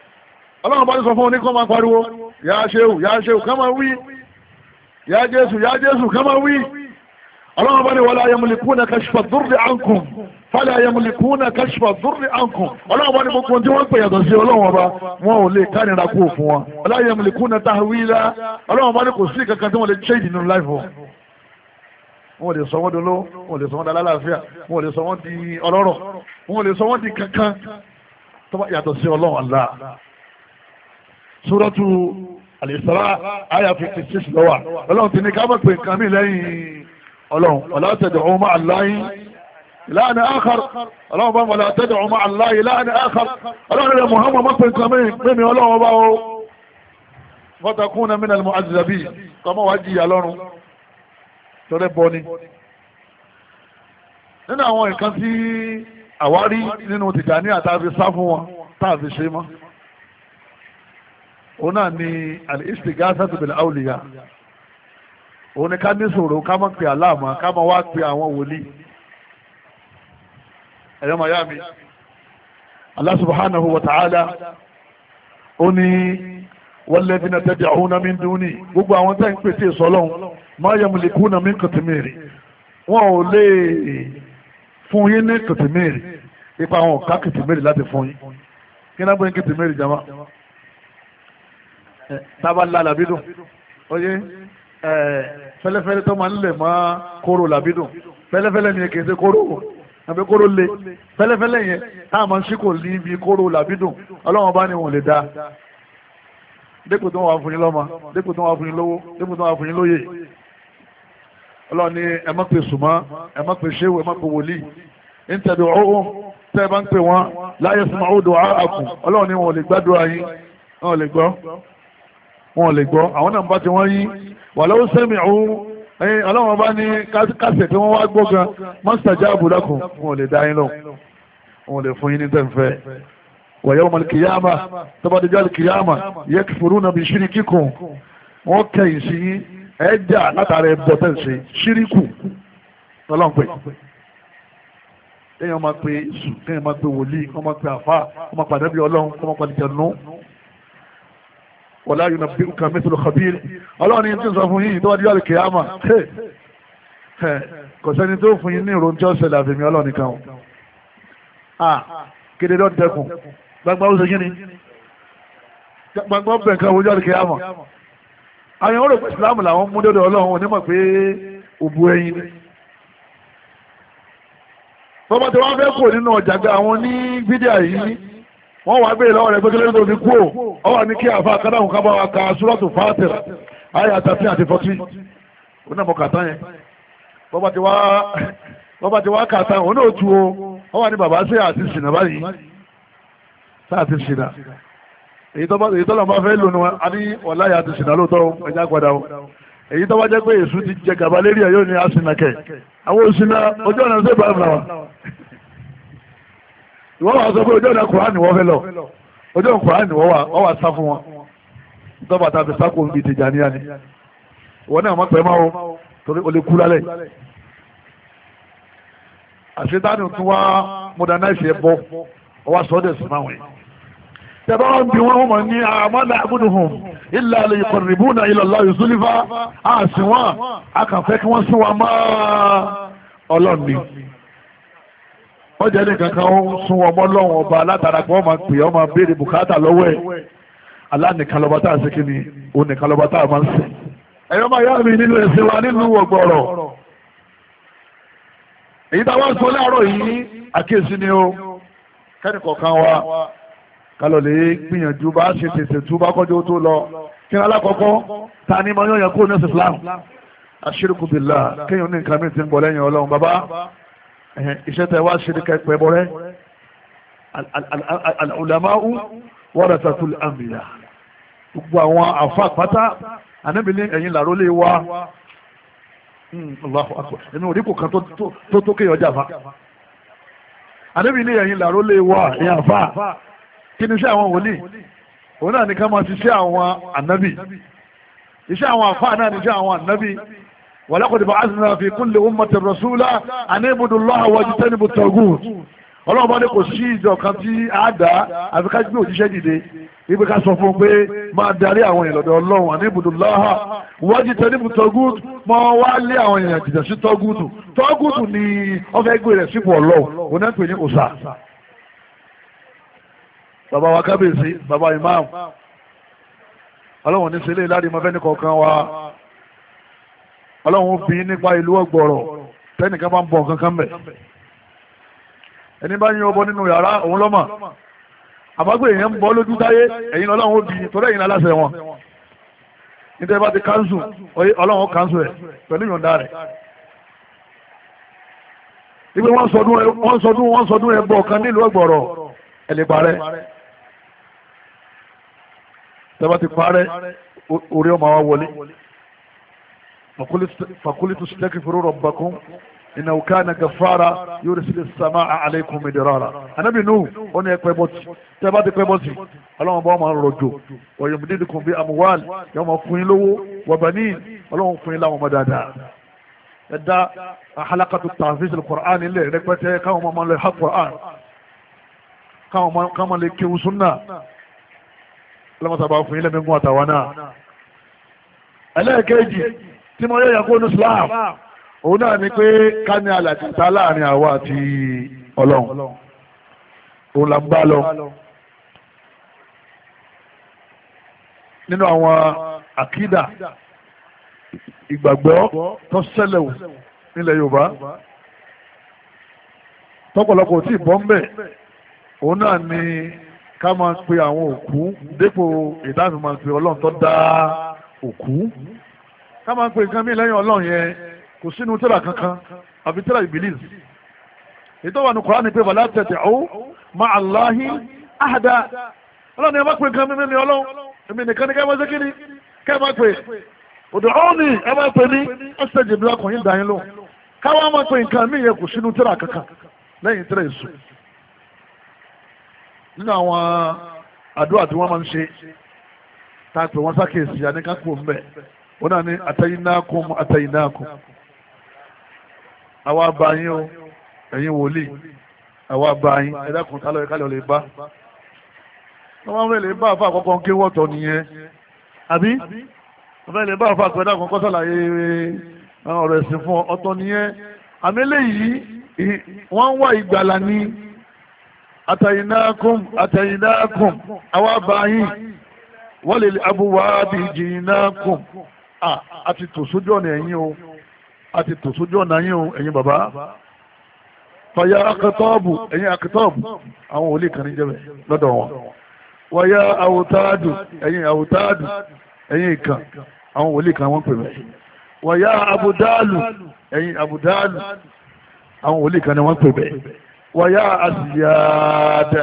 ọlọ́run bá ti sọ fún wọn ní kọ́ máa pariwo yá ṣeun yá ṣeun ká máa wí yá jésù yá jésù ká máa wí ọlọ́run bá ní wala yamlikuna kashfa durri ankum fala yamlikuna kashfa durri ankum ọlọ́run bá ní gbogbo tí wọ́n pè yàtọ̀ sí ọlọ́run ọba wọn ò lè kánira kú fún wọn wala yamlikuna tahwila ọlọ́run bá ní kò sí kankan tí wọ́n lè change nínú life wọn wọn lè sọ wọn dolo wọn lè sọ wọn dala láàfíà wọn lè sọ wọn di ọlọ́rọ̀ wọn lè sọ wọn di kankan tó bá sí ọlọ́run Allah súrọ́tù àlèsàrà àyà fifty six lọ́wà ọlọ́run ti ní ká mọ̀ pé nǹkan mi lẹ́yìn ọlọ́run ọ̀là tẹ̀dọ̀ ọmọ àláyé láàrin ákàr ọlọ́run bá wọlé àtẹ́dọ̀ ọmọ àláyé láàrin ákàr ọlọ́run rẹ̀ Muhammad mọ̀ pé nǹkan mi pé mi ọlọ́run bá o fọ́tàkùn náà mìíràn mọ́ àjìjàbí kọ́mọ́ wá jìyà lọ́run tọ́lẹ̀ bọ́ nínú àwọn nǹkan tí àwárí nínú tìjà ní àtàfi sá wọn táàfi ṣe mọ́ òun náà ni al-istighasatu bil awliya òun ni ká ní ṣòro ká má pe aláàmà ká má wá pe àwọn wòlíì ẹ̀yọ́ màyá mi Allah subhanahu wa ta'ala ó ní walladhina tad'una min duni gbogbo àwọn tẹ́ ń pèsè sọlọ́hún ma yamlikuna min qitmiri wọn ò lè fún yín ní qitmiri ipa àwọn ká qitmiri láti fún yín kí náà bóyá qitmiri jama. jama tábà la làbídùn oyé fẹ́lẹ́fẹ́lẹ́ tó máa ń lè mọ́ kóró làbídùn fẹ́lẹ́fẹ́lẹ́ ni kì í ṣe kóró àbí kóró le fẹ́lẹ́fẹ́lẹ́ yẹn táà máa ń ṣí kò ní ibi kóró làbídùn ọlọ́wọ́n bá ní wọn lè da dépò tó wà fún yín lọ́mọ dépò tó wà fún yín lówó dépò tó wà fún yín lóyè ọlọ́run ní ẹ má pe sùmọ́ ẹ má pe ṣéwù ẹ má pe wòlíì ń tẹ̀lé ọ̀hún tẹ́ ẹ bá ń pè wọ́n láyé sùmọ́ ó àkùn ọlọ́run ní wọn ò lè gbádùn ayín wọn ò lè gbọ́ wọn lè gbọ́ àwọn náà ń bá ti wọ́n yí wà lọ́wọ́ sẹ́mi ọ̀hún ẹ̀yìn ọlọ́wọ́n bá ní kásẹ̀ tí wọ́n wá gbọ́ gan mọ́sítàjá àbúdákùn wọn lè dá yín lọ wọn lè fún yín ní tẹ̀fẹ́ wa yawma al-qiyama tọ́bàdìjọ́ al-qiyama yakfuruna bi shirikikum wọ́n kẹ̀yìn sí yín ẹ̀ẹ́dà látara ẹ̀bọ̀ tẹ̀sí ṣíríkù ọlọ́run pé kéèyàn máa pe sùn kéèyàn máa pe wòlíì kọ́ máa pe àfáà kọ́ máa pàdé bí ọlọ́run kọ́ máa pàdé jẹ̀nu wọlá yóò nàbí nǹkan mẹ́tò lọ́kọ̀bíir ọlọ́run ní tí ń sọ fún yín tó wá díwájú kìyàmà kò sẹ́ni tó fún yín ní ìròyìn tí ó ṣẹlẹ̀ àfẹ̀mí ọlọ́run nìkan kéde lọ́n tẹkùn gbangba ó ṣe kí ni gbangba ó bẹ̀ nǹkan ojú àti kìyàmà àwọn ọ̀rọ̀ pé ìsìláàmù làwọn mú dọ́dọ̀ ọlọ́run onímọ̀ pé òbu ẹyin ni bọ́bá tí fẹ́ kò nínú ọ̀jàgbá àwọn ní fídíà yìí wọ́n wá gbé lọ́wọ́ rẹ̀ gbégbé lórí kú ò ọwọ́ ní kí àfa akádáhùn ká bá wa ka súrọ́tù fàátìr ayé àtàtì àti fọ́tì ó náà mọ̀ kàtá yẹn bọ́bá ti wá bọ́bá ti wá kàtá òun náà tu o ọwọ́ ní bàbá sí àti sìnà báyìí sí àti sìnà èyí tó lọ́mọ fẹ́ lónìí wọn a ní ọ̀láyà àti sìnà lóòótọ́ ẹ̀já padà o èyí tó wá jẹ́ pé èṣù ti jẹ gàba lérí yóò ní àsìnà kẹ̀ àwọn òṣìnà ojú ọ̀nà sí ìbára ìwọ́n wà sọ pé ojú ọ̀nà kùrán ni wọ́n fẹ́ lọ ojú ọ̀nà kùrán ni wọ́n wà sá fún wọn dọ́bà tàbí sáko ń bi Tìjàníyà ni ìwọ́n náà mọ̀ pẹ́ máa o torí o kú lálẹ́ àṣetánù tún wá modernize ẹ bọ́ ọwọ́ sọ́dẹ̀ sí máa wọ̀nyí tẹ́bá wọn bí wọn mọ̀ ní àmọ́lá àbúdùhùn ilẹ̀ alẹ́ ìkọ̀rìbùnà ìlọ̀lá ìsúlífà àṣìwọ̀n akànfẹ́ kí wọ́n sún wa máa ọlọ́ọ̀ni wọ́n jẹ́ nìkan kan ó ń sún ọmọ lọ́wọ́ ọba látara pé wọ́n máa pè ọ́ máa béèrè bùkátà lọ́wọ́ ẹ̀ alánìkan lọ́ba tá a ṣe kíni onìkan lọ́ba tá a máa ń sìn. ẹ̀yọ́ máa yá mi nínú ẹ̀sìn wa nínú ọ̀gbọ̀rọ̀ èyí tá a wá ń sọ láàárọ̀ yìí àkíyèsí ni ó kẹ́nìkọ̀ọ̀kan wa kálọ̀ lè gbìyànjú bá ṣe tètè tú bá kọjú tó lọ kí ni alákọ̀ọ́kọ́ ta ni mo yàn kó ní ẹ̀sìn iṣẹ́ tẹ wá ṣe kẹ pẹ́ bọ́rẹ́ alùlámáwù warasatul anbiya gbogbo àwọn àfa pátá ànábì ní ẹ̀yìn làrólé wa hmm, Allahu akbar ẹ̀mí òdìkù kan tó tó kéèyàn jàfa ànábì ní ẹ̀yìn làrólé wa ẹ̀yìn àfa kí ni iṣẹ́ àwọn wòlíì òun náà ní ká máa ṣiṣẹ́ àwọn ànábì iṣẹ́ àwọn àfa náà ní iṣẹ́ àwọn ànábì walaqad ba'athna في كل أمة rasula anibudu Allah wajtanibu at-taghut ọlọ́run bá ní kò sí ìjọ kan tí a dá àfi ká gbé òjíṣẹ́ dìde ibi ká sọ fún un pé máa darí àwọn èèyàn lọ́dọ̀ ọlọ́run àníbùdó láhà wájú tẹ́lifù tọ́gùtù mọ́ wá lé àwọn èèyàn jìjà sí tọ́gùtù tọ́gùtù ni wọ́n fẹ́ gbé rẹ̀ sípò ọlọ́run òun ní òsà. bàbá wa kábíyèsí bàbá imam ọlọ́run ní sílé ìlàdí ní kọ̀ọ̀kan wa ọlọ́run fi nípa ìlú ọgbọ̀rọ̀ tẹ́nìkan bá ń bọ̀ kankan bẹ̀ ẹni bá yín ọbọ nínú yàrá òun lọ́mà àbágbé èèyàn ń bọ́ lójú táyé ẹ̀yin ọlọ́run ó bí torí ẹ̀yin aláṣẹ wọn níta bá ti kánṣu ọlọ́run ó kánṣu ẹ̀ pẹ̀lú ìyọ̀ǹda rẹ̀ ibi wọ́n sọdún wọ́n sọdún wọ́n sọdún ẹ̀ bọ̀ kan nílùú ọgbọ̀rọ̀ ẹ̀ lè tẹ́ bá ti parẹ́ orí ọmọ wa wọlé. فقلت استغفروا ربكم إنه كان غفارا يرسل السماء عليكم مدرارا Ànábì Nuhu ó ní ẹ pẹ bọ́tì tẹ́ bá ti pẹ bọ́tì Ọlọ́run bá máa rọ̀jò ويمددكم بأموال yóò máa fún yín lówó وبنين Ọlọ́run fún yín láwọn ọmọ dáadáa ẹ̀dá halakatu tafis al-Qur'an ilẹ̀ rẹpẹtẹ káwọn ọmọ lè ha Qur'an káwọn ọmọ lè kéwù súnà lọ́mọ́sàbà fún yín lẹ́mí gún àtàwọn náà ẹlẹ́ẹ̀kejì tí mo yẹ yàgò ní Islam òun náà ni pé ká ní alàjìta láàrin àwa àti Ọlọ́run òun là ń bá lọ nínú àwọn àkídà ìgbàgbọ́ tó ṣẹlẹ̀ wò nílẹ̀ Yorùbá tọ́pọ̀lọpọ̀ tí ìbọn bẹ̀ òun náà ni ká máa pe àwọn òkú dépò ìdáàbò máa pe Ọlọ́run tó dá òkú. ka máa ń pè nǹkan mí lẹ́yìn yẹn kò sínú kankan àfi tírà ìbílíìsì ètò wà ní Kùránì pé wàlá tẹ̀tẹ̀ ó máa aláhi àhàdá ni ẹ má pè nǹkan mímí ní ọlọ́run èmi nìkan ní kẹ́mọ́ sékìrì kẹ́mọ́ pè òdò ọ́ọ̀nì ẹ má pè ní ọ́sẹ̀jì bí ọkùnrin dà yín lò káwá má yẹn kò sínú kankan wọn náà ní àtẹyinákun àtẹyinákun àwa abayin o ẹ̀yin wòlíì àwa abayin ẹ̀dákun kálọ̀ ẹ̀kálọ̀ lè bá wọ́n fẹ́ lè bá àfa àkọ́kọ́ ń ké wọ́tọ̀ nìyẹn àbí wọ́n fẹ́ lè bá àfa àpẹẹrẹ àkọ́kọ́ sàlàyé ọ̀rọ̀ ẹ̀sìn fún ọ̀tọ̀ nìyẹn àmì eléyìí wọ́n ń wá ìgbàlà ní àtàyínákùn àtàyínákùn àwa abayin wọ́n lè abúwá bìjìnákùn a ti tò sójú ọ̀nà ẹ̀yìn o a ti tò sójú ọ̀nà yín o ẹ̀yin bàbá fàyà akẹ́tọ́ọ̀bù ẹ̀yin akẹ́tọ́ọ̀bù àwọn òlì kan ní jẹ́bẹ̀ lọ́dọ̀ wọn wàyà àwòtáàdù ẹ̀yin àwòtáàdù ẹ̀yin ìkàn àwọn òlì kan wọ́n pè mí wàyà àbùdáàlù ẹ̀yin àbùdáàlù àwọn òlì kan ni wọ́n pè bẹ́ẹ̀ wàyà àṣìyáàdà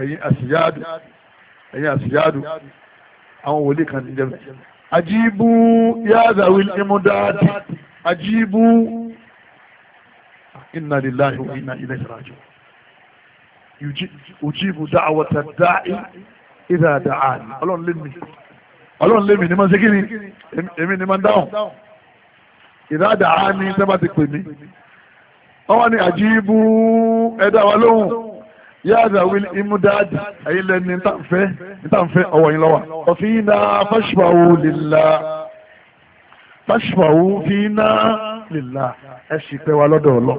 ẹ̀yin àṣìyáàdù ẹ̀yin àṣìyáàdù àwọn òlì kan ní jẹ́bẹ̀ àjíbú yáàzàwìl ìmúdáàtì àjíbú inna lillahi wa inna ilayhi raji'un ujibu da'wata da'i idha da'ani ọlọ́run lé mi ọlọ́run lé mi ní ma ṣe kí ni èmi ní ma dáhùn idha da'ani tẹ́ bá ti pè mí ọwọ́ ni àjíbú ẹ̀dá yáàdà wíl imudaadi ẹ̀yin lẹ́ni ntànfẹ́ ntànfẹ́ ọwọ́ yín lọ́wọ́. ọ̀fìnà fásùfàwù lìlá fásùfàwù fìnà lìlá ẹ̀ sì pẹ́ wa lọ́dọ̀ ọ̀lọ́.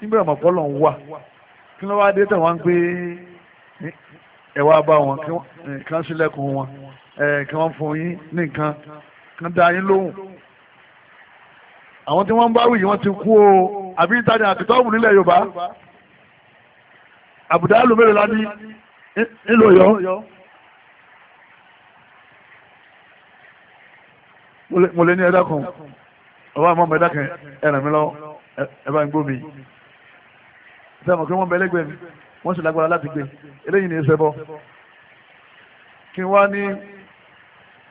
nígbà yàrá màpọ̀ lọ́n wà kí ló wá dé tẹ̀ wọ́n pé ẹ̀ wá bá wọn kí wọ́n sílẹ̀kùn eh, wọn eh, kí wọ́n fún yín ní nǹkan kí dá yín lóhùn. àwọn tí wọ́n bá wí yìí wọ́n ti kú o àbí ìtajà àtìtọ́ àbùdálù mẹ́rin lá ní nílò yọ mo lè ní ẹ̀dá kan ọba àmọ́ ọmọ ẹ̀dá kan ẹ̀ràn mi lọ ẹ̀bá ń gbómi sẹ́mọ̀ kí wọ́n bẹ lẹ́gbẹ̀ẹ́ mi wọ́n sì lágbára láti gbé eléyìí ní ẹsẹ̀ bọ́ kí wá ní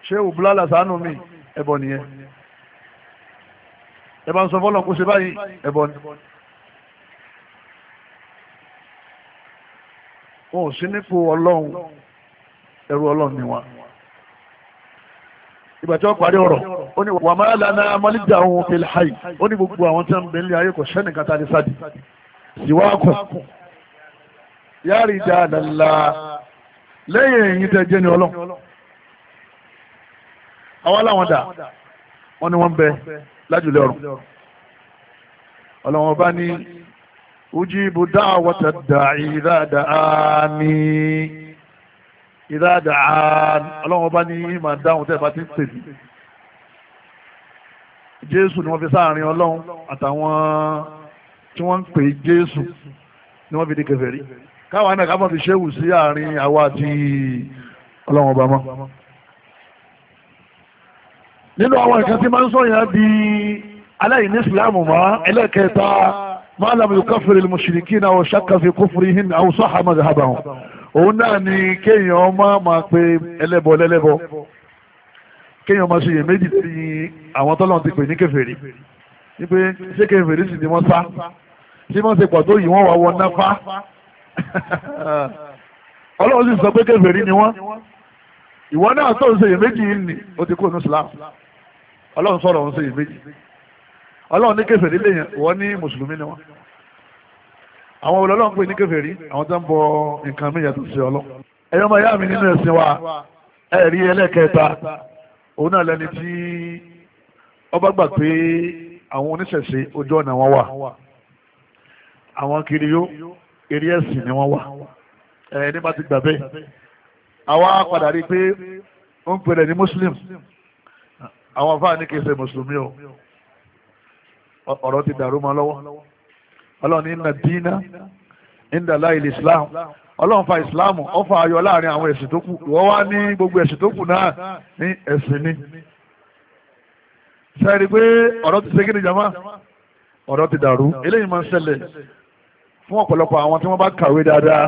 ṣé òbúlálà sànú mi ẹ̀bọ̀ nìyẹn ẹ̀bá ń sọ fọ́lọ́ kó ṣe báyìí ẹ̀bọ̀ wọn ò sí nípò ọlọ́run ẹrú ọlọ́run ni wọn. ìgbà tí wọ́n parí ọ̀rọ̀ ó ní wàmọ́ àlànà amọ́lídà ohun fil hayy ó ní gbogbo àwọn tí wọ́n ń bẹ nílé ayé kò sẹ́nìkan tá a lè sáàdì síwáàkùn yáàrí dáadáa lẹ́yìn èyí tẹ́ jẹ́ ní ọlọ́run àwọn aláwọn dà wọ́n ní wọ́n ń bẹ lájúlẹ̀ ọ̀run ọlọ́run ọba ní ujibu da'wata da'i idha da'ani idha da'ani ọlọ́run ọba ní ìmọ̀ dáhùn tẹ́ bá ti ń tèmi jésù ni wọ́n fi sáàrin ọlọ́run àtàwọn tí wọ́n ń pè jésù ni wọ́n fi di kèfèrí káwa náà ká mọ̀ fi ṣéwù sí àárín àwa àti ọlọ́run ọba mọ́ nínú àwọn nǹkan tí máa ń sọ̀yàn di aláìní ìsìláàmù mọ́ ẹlẹ́kẹta máa làmú yóò káfíìrì mùsùlùkì náà ọ̀ ṣàkàfi kófìrí hin àwọn sọ́hà màdàbà wọn. òun náà ni kéèyàn ọmọ máa pe ẹlẹ́bọ lẹ́lẹ́bọ kéèyàn máa ṣe iyèméjì sí àwọn tọ́lọ́n ti pè ní kèfèrí wípé ṣé kèfèrí sì ni wọ́n sá ṣé wọ́n ṣe pọ̀ tó yìí wọ́n wà wọ náfá ọlọ́run sì sọ pé kèfèrí ni wọ́n ìwọ náà tó ń ṣe iyèméjì yìí nì ó ti kú ní Islam ọlọ́run sọ̀rọ̀ ń ṣe iyèméjì ọlọ́run ní kèfèrí lèyàn wọ́n ní mùsùlùmí ni wọ́n àwọn olọ́lọ́run pè ní kèfèrí àwọn tó ń bọ nǹkan mí yàtọ̀ sí ọlọ́ ẹ̀yọ́ ọmọ ìyá mi nínú ẹ̀sìn wa ẹ̀rí ẹlẹ́kẹta òun náà lẹni tí ọba gbà pé àwọn oníṣẹ̀ṣe ojú ọ̀nà wọn wà àwọn kiri yó eré ẹ̀sìn ni wọ́n wà ẹ̀ nípa ti gbà bẹ́ẹ̀ àwa padà rí i pé ó ń pèrè ní muslim àwọn afáà kì í ṣe mùsùlùmí o ọ̀rọ̀ ti dàrú mọ́ lọ́wọ́ ọlọ́run ní inna dínà indala ilé islam ọlọ́run fa islam ó fa ayọ̀ láàrin àwọn ẹ̀sìn tó kù wọ́n wá ní gbogbo ẹ̀sìn tó kù náà ní ẹ̀sìn ni sẹ́ẹ̀rí pé ọ̀rọ̀ ti ṣe kí ni jama ọ̀rọ̀ ti dàrú eléyìí máa ń ṣẹlẹ̀ fún ọ̀pọ̀lọpọ̀ àwọn tí wọ́n bá kàwé dáadáa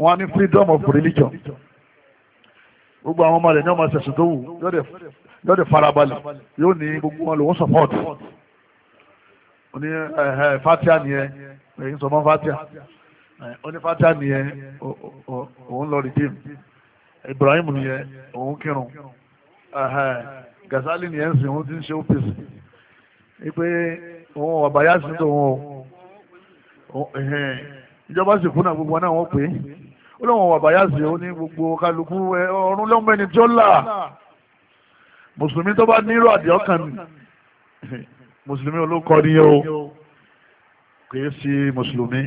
wọ́n á ní freedom of religion gbogbo àwọn ọmọ rẹ̀ ní ọmọ ṣẹ̀ṣẹ̀ tó wù yóò dẹ̀ farabalẹ̀ yóò ní gbogbo wọn lòún support oní eh, eh, fatia nìyẹn èyí sọ mọ́ fatia eh, oní fatia nìyẹn òun lọ rìdíìm Ibrahim nìyẹn òun kírun Gazali nìyẹn sì òun ti ń ṣe opis wípé òun ọ̀bàyà sí tòun o ìjọba sì kùnà gbogbo náà wọ́n pè é ó lóun ọ̀bàyà sí ó ní gbogbo kálukú ọ̀run lọ́mọ ẹni tí ó là mùsùlùmí tó bá nírò àdìọ́kàn ni mùsùlùmí olókọ ni o kìí sí mùsùlùmí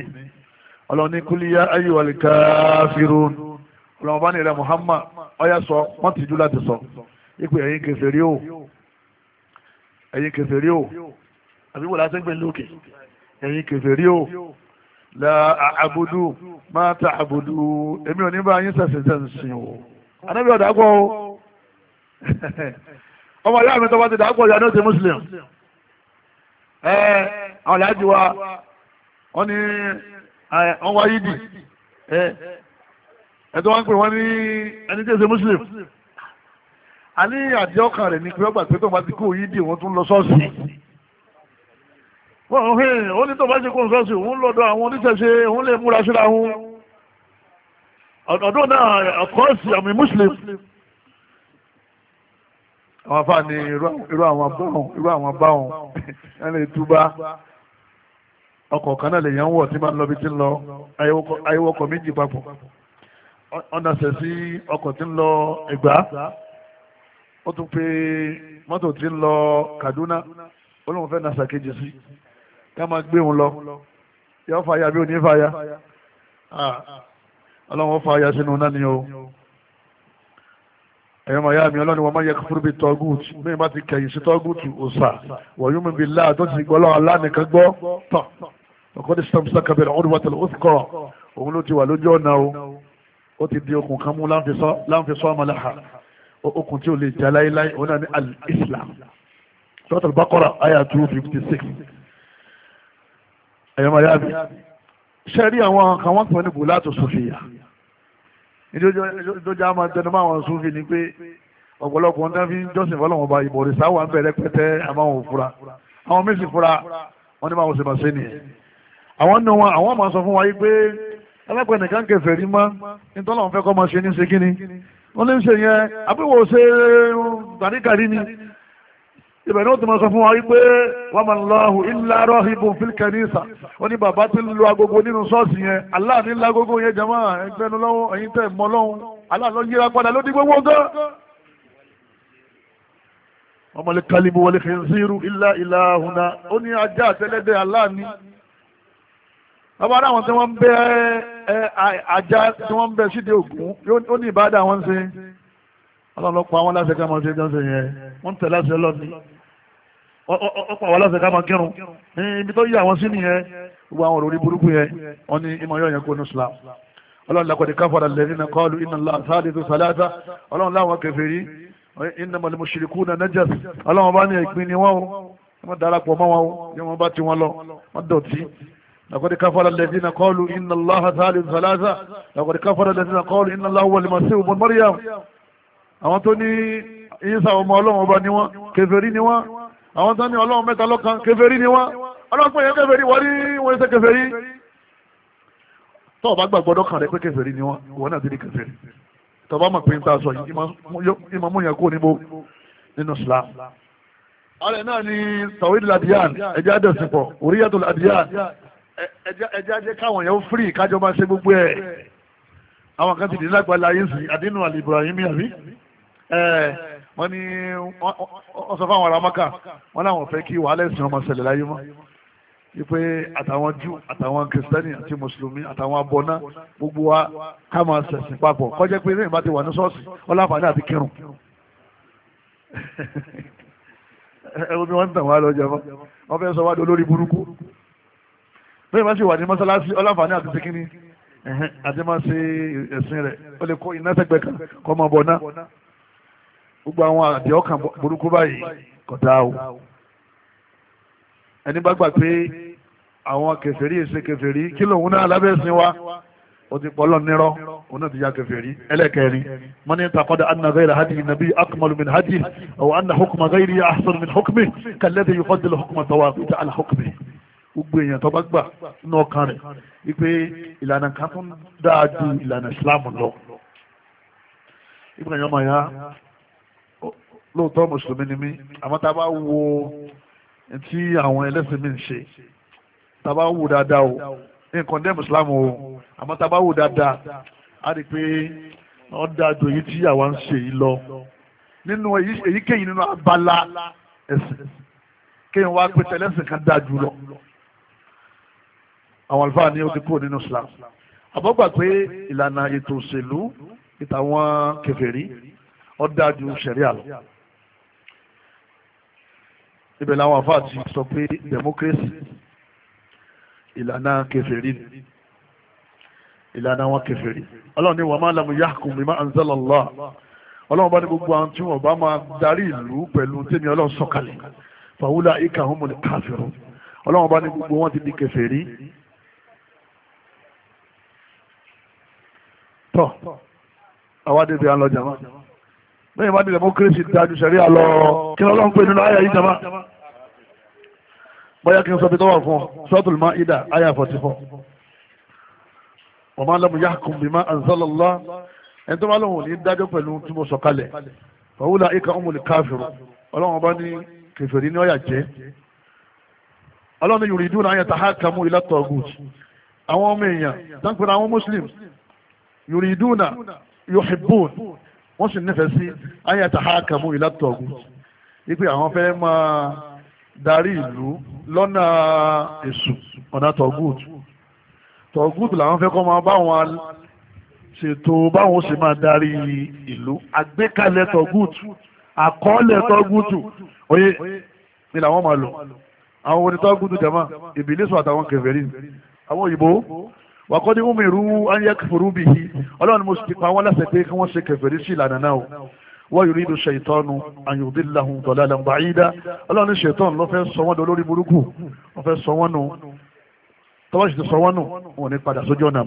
ọlọ́run ní kúlíyà ayyuhal kafirun ọlọ́run bá ní ilẹ̀ Muhammad ọyá sọ wọ́n ti jú láti sọ ipe ẹ̀yin kèfèrí o ẹ̀yin kèfèrí o àbíwò láti ń gbé lókè ẹ̀yin kèfèrí o la àbùdù máa ta àbùdù èmi ò ní bá yín sẹ̀sìn sẹ̀sìn o anábìyàn dàgbọ́ o (laughs) ọmọ ìyá mi tó bá ti dàgbọ́ ìyá ní ó ti muslim ẹ àwọn aláàjì wa wọ́n ní wọ́n wá yídì ẹ ẹ̀tọ́ wọn pè wọ́n ní ẹni tí ó ṣe muslim a ní àdé ọkàn rẹ̀ ní pé ọgbà pé tó bá ti kú yídì wọ́n tún lọ sọ́ọ̀sì ó ní tó bá ṣe kó sọ́ọ̀sì òun lọ́dọ̀ àwọn oníṣẹ̀ṣe òun lè múra síra òun ọ̀dọ́ náà of course I'm a muslim. muslim àwọn afá ni irú àwọn báwọn irú àwọn báwọn wọn lè túbá ọkọ̀ kan náà lè yàn wọ̀ tí máa ń lọ bí ti ń lọ ayéwọ́kọ̀ méjì papọ̀ ọ̀nàṣẹ̀ sí ọkọ̀ tí ń lọ Ẹ̀gbá ó tún pé mọ́tò tí ń lọ Kaduna ó lóun fẹ́ nàṣà kejì sí ká máa gbé òun lọ yọ fàyà bí ò ní ah, ọlọ́run ó fàyà sínú náà ni o ẹ̀yọ́ màá yá mi ọlọ́ni wọn máa yẹ kúrú bíi tọ́gùtù bí wọ́n bá ti kẹ̀yìn sí tọ́gùtù ọ̀sà wọ́n yóò mú bi láà tó ti gbọ́ lọ́wọ́ alánìkan gbọ́ tán ọkọ ní sàmùsà kàbẹ̀rẹ̀ ọdún wa tẹ̀lé ó kọ̀ òun ló ti wà lójú ọ̀nà o ó ti di okùn kan mú láǹfẹ̀sọ́ ọmọláha okùn tí ó lè jà láéláé òun náà ní al sọ́tàlù bákọ́rà àyà two fifty six ẹ̀yọ́ màá yá ìjọjọ́ máa tẹnu máa wọn súnfì ni pé ọ̀pọ̀lọpọ̀ ń dáfi jọ́sìn fọlọ́wọ́n ba ìbọ̀rìṣà wà ń bẹ̀rẹ̀ pẹ́tẹ́ àmọ́ fura àwọn méjì fura wọn ní máa wọ́n ṣe màṣẹ́ nìyẹn àwọn nù wọn àwọn máa sọ fún wa yí pé ẹlẹ́pẹ́ nìkan kẹfẹ́ rí mọ́ nítorí àwọn fẹ́ kọ́ máa ṣe ní ṣe kíni wọ́n ní ṣe yẹn àbíwò ṣe gbàdíkàrí ni ibẹ̀ ní ó ti mọ̀ sọ fún wa wípé wọ́n máa ń lọ ọ̀hún illa rahibun fil kanisa ó ní bàbá tí ń lu agogo nínú ṣọ́ọ̀ṣì yẹn Allah ní lágogo yẹn jama ẹgbẹ́nu lọ́wọ́ ẹ̀yin tẹ̀ mọ́ lọ́hún Allah ló yíra padà ló di gbogbo gan. ọmọlẹ̀ kalimu wal khinziru illa ilahuna ó ní ajá àtẹlẹ́dẹ́ Allah ní. bàbá àwọn tí wọ́n ń bẹ ajá tí wọ́n bẹ síde ògún ó ní ìbáda wọn ṣe ọlọ́run ló pa wọn láṣẹ ká máa ṣe jọ́sìn yẹn wọ́n tẹ̀lé àṣẹ lọ́ni ọ̀pọ̀ àwọn aláṣẹ ká máa kírun ibi tó yí àwọn sí nìyẹn gbogbo àwọn òròrí burúkú yẹn wọn ni ìmọ̀ yóò yẹn kó ní Islam ọlọ́run lakọ̀dé káfàrà lẹ́yìn náà kọ́ọ̀lù iná láàtàlẹ́ tó sàlátà ọlọ́run láwọn kèfèrí iná mọ̀lẹ́mọ̀ ṣìrìkú náà najas ọlọ́run bá ní ẹ̀gbin ni wọ́n wọ́n darapọ̀ mọ́ wọn yẹn wọ́n bá ti wọn lọ wọ́n dọ̀tí lakọ̀dé káfàrà lẹ́yìn náà kọ́ọ̀lù iná láàtàlẹ́ tó sàlátà lakọ̀dé káfàrà lẹ́yìn náà kọ́ọ̀lù iná láwọ̀ lè màṣẹ́ òmùn Maryam àwọn tó ní ìyínsà ọmọ ọlọ́run ọba ni wọ́n kèfèrí ni wọ́n àwọn tán ní ọlọ́run mẹ́ta lọ́kan kèfèrí ni wọ́n ọlọ́pàá yẹn kèfèrí wọ́n ní wọ́n ṣe kèfèrí tọ́ọ̀ bá gbàgbọ́ dọ́kàn rẹ pé kèfèrí ni wọ́n ìwọ náà ti di kèfèrí tọ́ọ̀ bá mọ̀ pé ń ta sọ yìí ìmọ̀ mú yẹn níbo nínú Islam. alẹ́ náà ni tawhid ladiyan ẹja adẹ́sìnpọ̀ oríyàtọ̀ ladiyan ẹja ajẹ́ káwọn yẹn ó fírì kájọ máa ṣe gbogbo ẹ̀ àwọn kan ti dín lágbàlá wọ́n ní wọ́n sọ fáwọn ará maka wọ́n láwọn fẹ́ kí wàhálà ẹ̀sìn ọmọ ṣẹlẹ̀ láyé mọ́ wípé àtàwọn jù àtàwọn kìrìsìtẹ́nì àti mùsùlùmí àtàwọn abọ́ná gbogbo wa ká máa ṣẹ̀sìn papọ̀ kọjá pé lẹ́yìn bá ti wà ní ṣọ́ọ̀ṣì ọláfààní àti kírun (laughs) ẹ̀rọ bí wọ́n ń tàn wá lọ jẹun wọ́n fẹ́ sọ wá di olórí burúkú lẹ́yìn bá sì wà ní mọ́ṣáláṣí ọláfààní àti sikini àti máa ṣe ẹ̀sìn rẹ̀ ó lè kó iná sẹ́gbẹ̀ẹ́ kan kọ́ máa bọ̀ náà gbogbo àwọn àti ọkàn burúkú báyìí kọ̀dá o ẹni bá gbà pé àwọn kèfèrí èsè kèfèrí kí lòun náà lábẹ́sìn wa ó ti pọ̀ lọ́n nírọ́ òun náà ti ya kèfèrí ẹlẹ́kẹrin wọ́n ní takọ́dá anna ghayra hadi nabi akmalu min hadi aw anna hukma ghayri ahsan min hukmi kalladhi yufaddil hukma tawaqita ala hukmi gbogbo èèyàn tó bá gbà nínú ọkàn rẹ̀ wípé ìlànà kan tún dáa ju ìlànà islam lọ ìgbà lóòótọ́ mùsùlùmí ni mí àmọ́ tá a bá wo tí àwọn ẹlẹ́sìn mi ń ṣe tá a bá wò dáadáa o ní nǹkan dẹ́ mùsùlùmí o àmọ́ tá a bá wò dáadáa a rí i pé wọ́n èyí tí àwa ń ṣe yìí lọ nínú èyíkéyìí nínú abala ẹ̀sìn kéèyàn wá pé tẹlẹ́sìn kan dáa jù lọ àwọn àlùfáà ni ó ti kúrò nínú Islam àbọ̀gbà pé ìlànà ètò òṣèlú ìtàwọn kèfèrí ó dáa ju ṣẹ̀ríà lọ ibẹ̀ làwọn àfáà ti sọ pé democracy ìlànà kèfèrí ni ìlànà wọn kèfèrí ọlọ́run ní wàá máa lamu yahkum bima anzala Allah ọlọ́run bá ní gbogbo àwọn tí wọ́n bá máa darí ìlú pẹ̀lú tèmi ọlọ́run sọ̀kalẹ̀ fàwúlà ìka humul kafirun ọlọ́run bá ní gbogbo wọn ti di kèfèrí tọ́ àwa débi à ń lọ jàmá lẹ́yìn bá di democracy dájú sẹ́rí àlọ́ kí ni ọlọ́run pè nínú àyà yìí jama bóyá kí n sọ bí tọ́wọ̀ fún ọ suratul Maida àyà forty four wa man lam yahkum bima anzalallah ẹni tó bá lóhùn ní dájọ́ pẹ̀lú tí mo sọ̀kalẹ̀ fàwùlà ìka ọmọlẹ̀ káfíìrù ọlọ́run bá ní kẹfẹ́rí ní ọ̀yà jẹ́ ọlọ́run yòrìdú náà yẹn ta kàmú ilá tọ́gùt àwọn ọmọ èèyàn dáńpẹ̀rẹ̀ àwọn muslim yòrìdú náà wọ́n sì nífẹ̀ẹ́ sí ayẹta hakamu ila tọ̀gù wípé àwọn fẹ́ máa darí ìlú lọ́nà èṣù ọ̀nà tọ̀gùt tọ̀gùt làwọn fẹ́ kọ́ máa báwọn ṣètò báwọn ṣe máa darí ìlú àgbékalẹ̀ tọ̀gùt àkọọ́lẹ̀ tọ̀gùt oyè ni làwọn máa lò àwọn onítọ̀gùt jama ìbílẹ̀ sọ àtàwọn kèfèrí àwọn òyìnbó wàkọ́dí umiru anyá kẹfẹ́rú bì yí ọlọ́run mo sì pa wọ́n láṣẹ pé kí wọ́n ṣe kẹfẹ́rí sí ìlànà náà wa yuridu ṣètọ́nu ayùdíláhùn dalalan ba'ida ọlọ́run ṣètọ́n ló fẹ́ sọ wọ́n dọ lórí burúkú wọ́n fẹ́ sọ wọ́n nù tọ́wọ́ sì ti sọ wọ́n nù wọn ní padà sójú ọ̀nà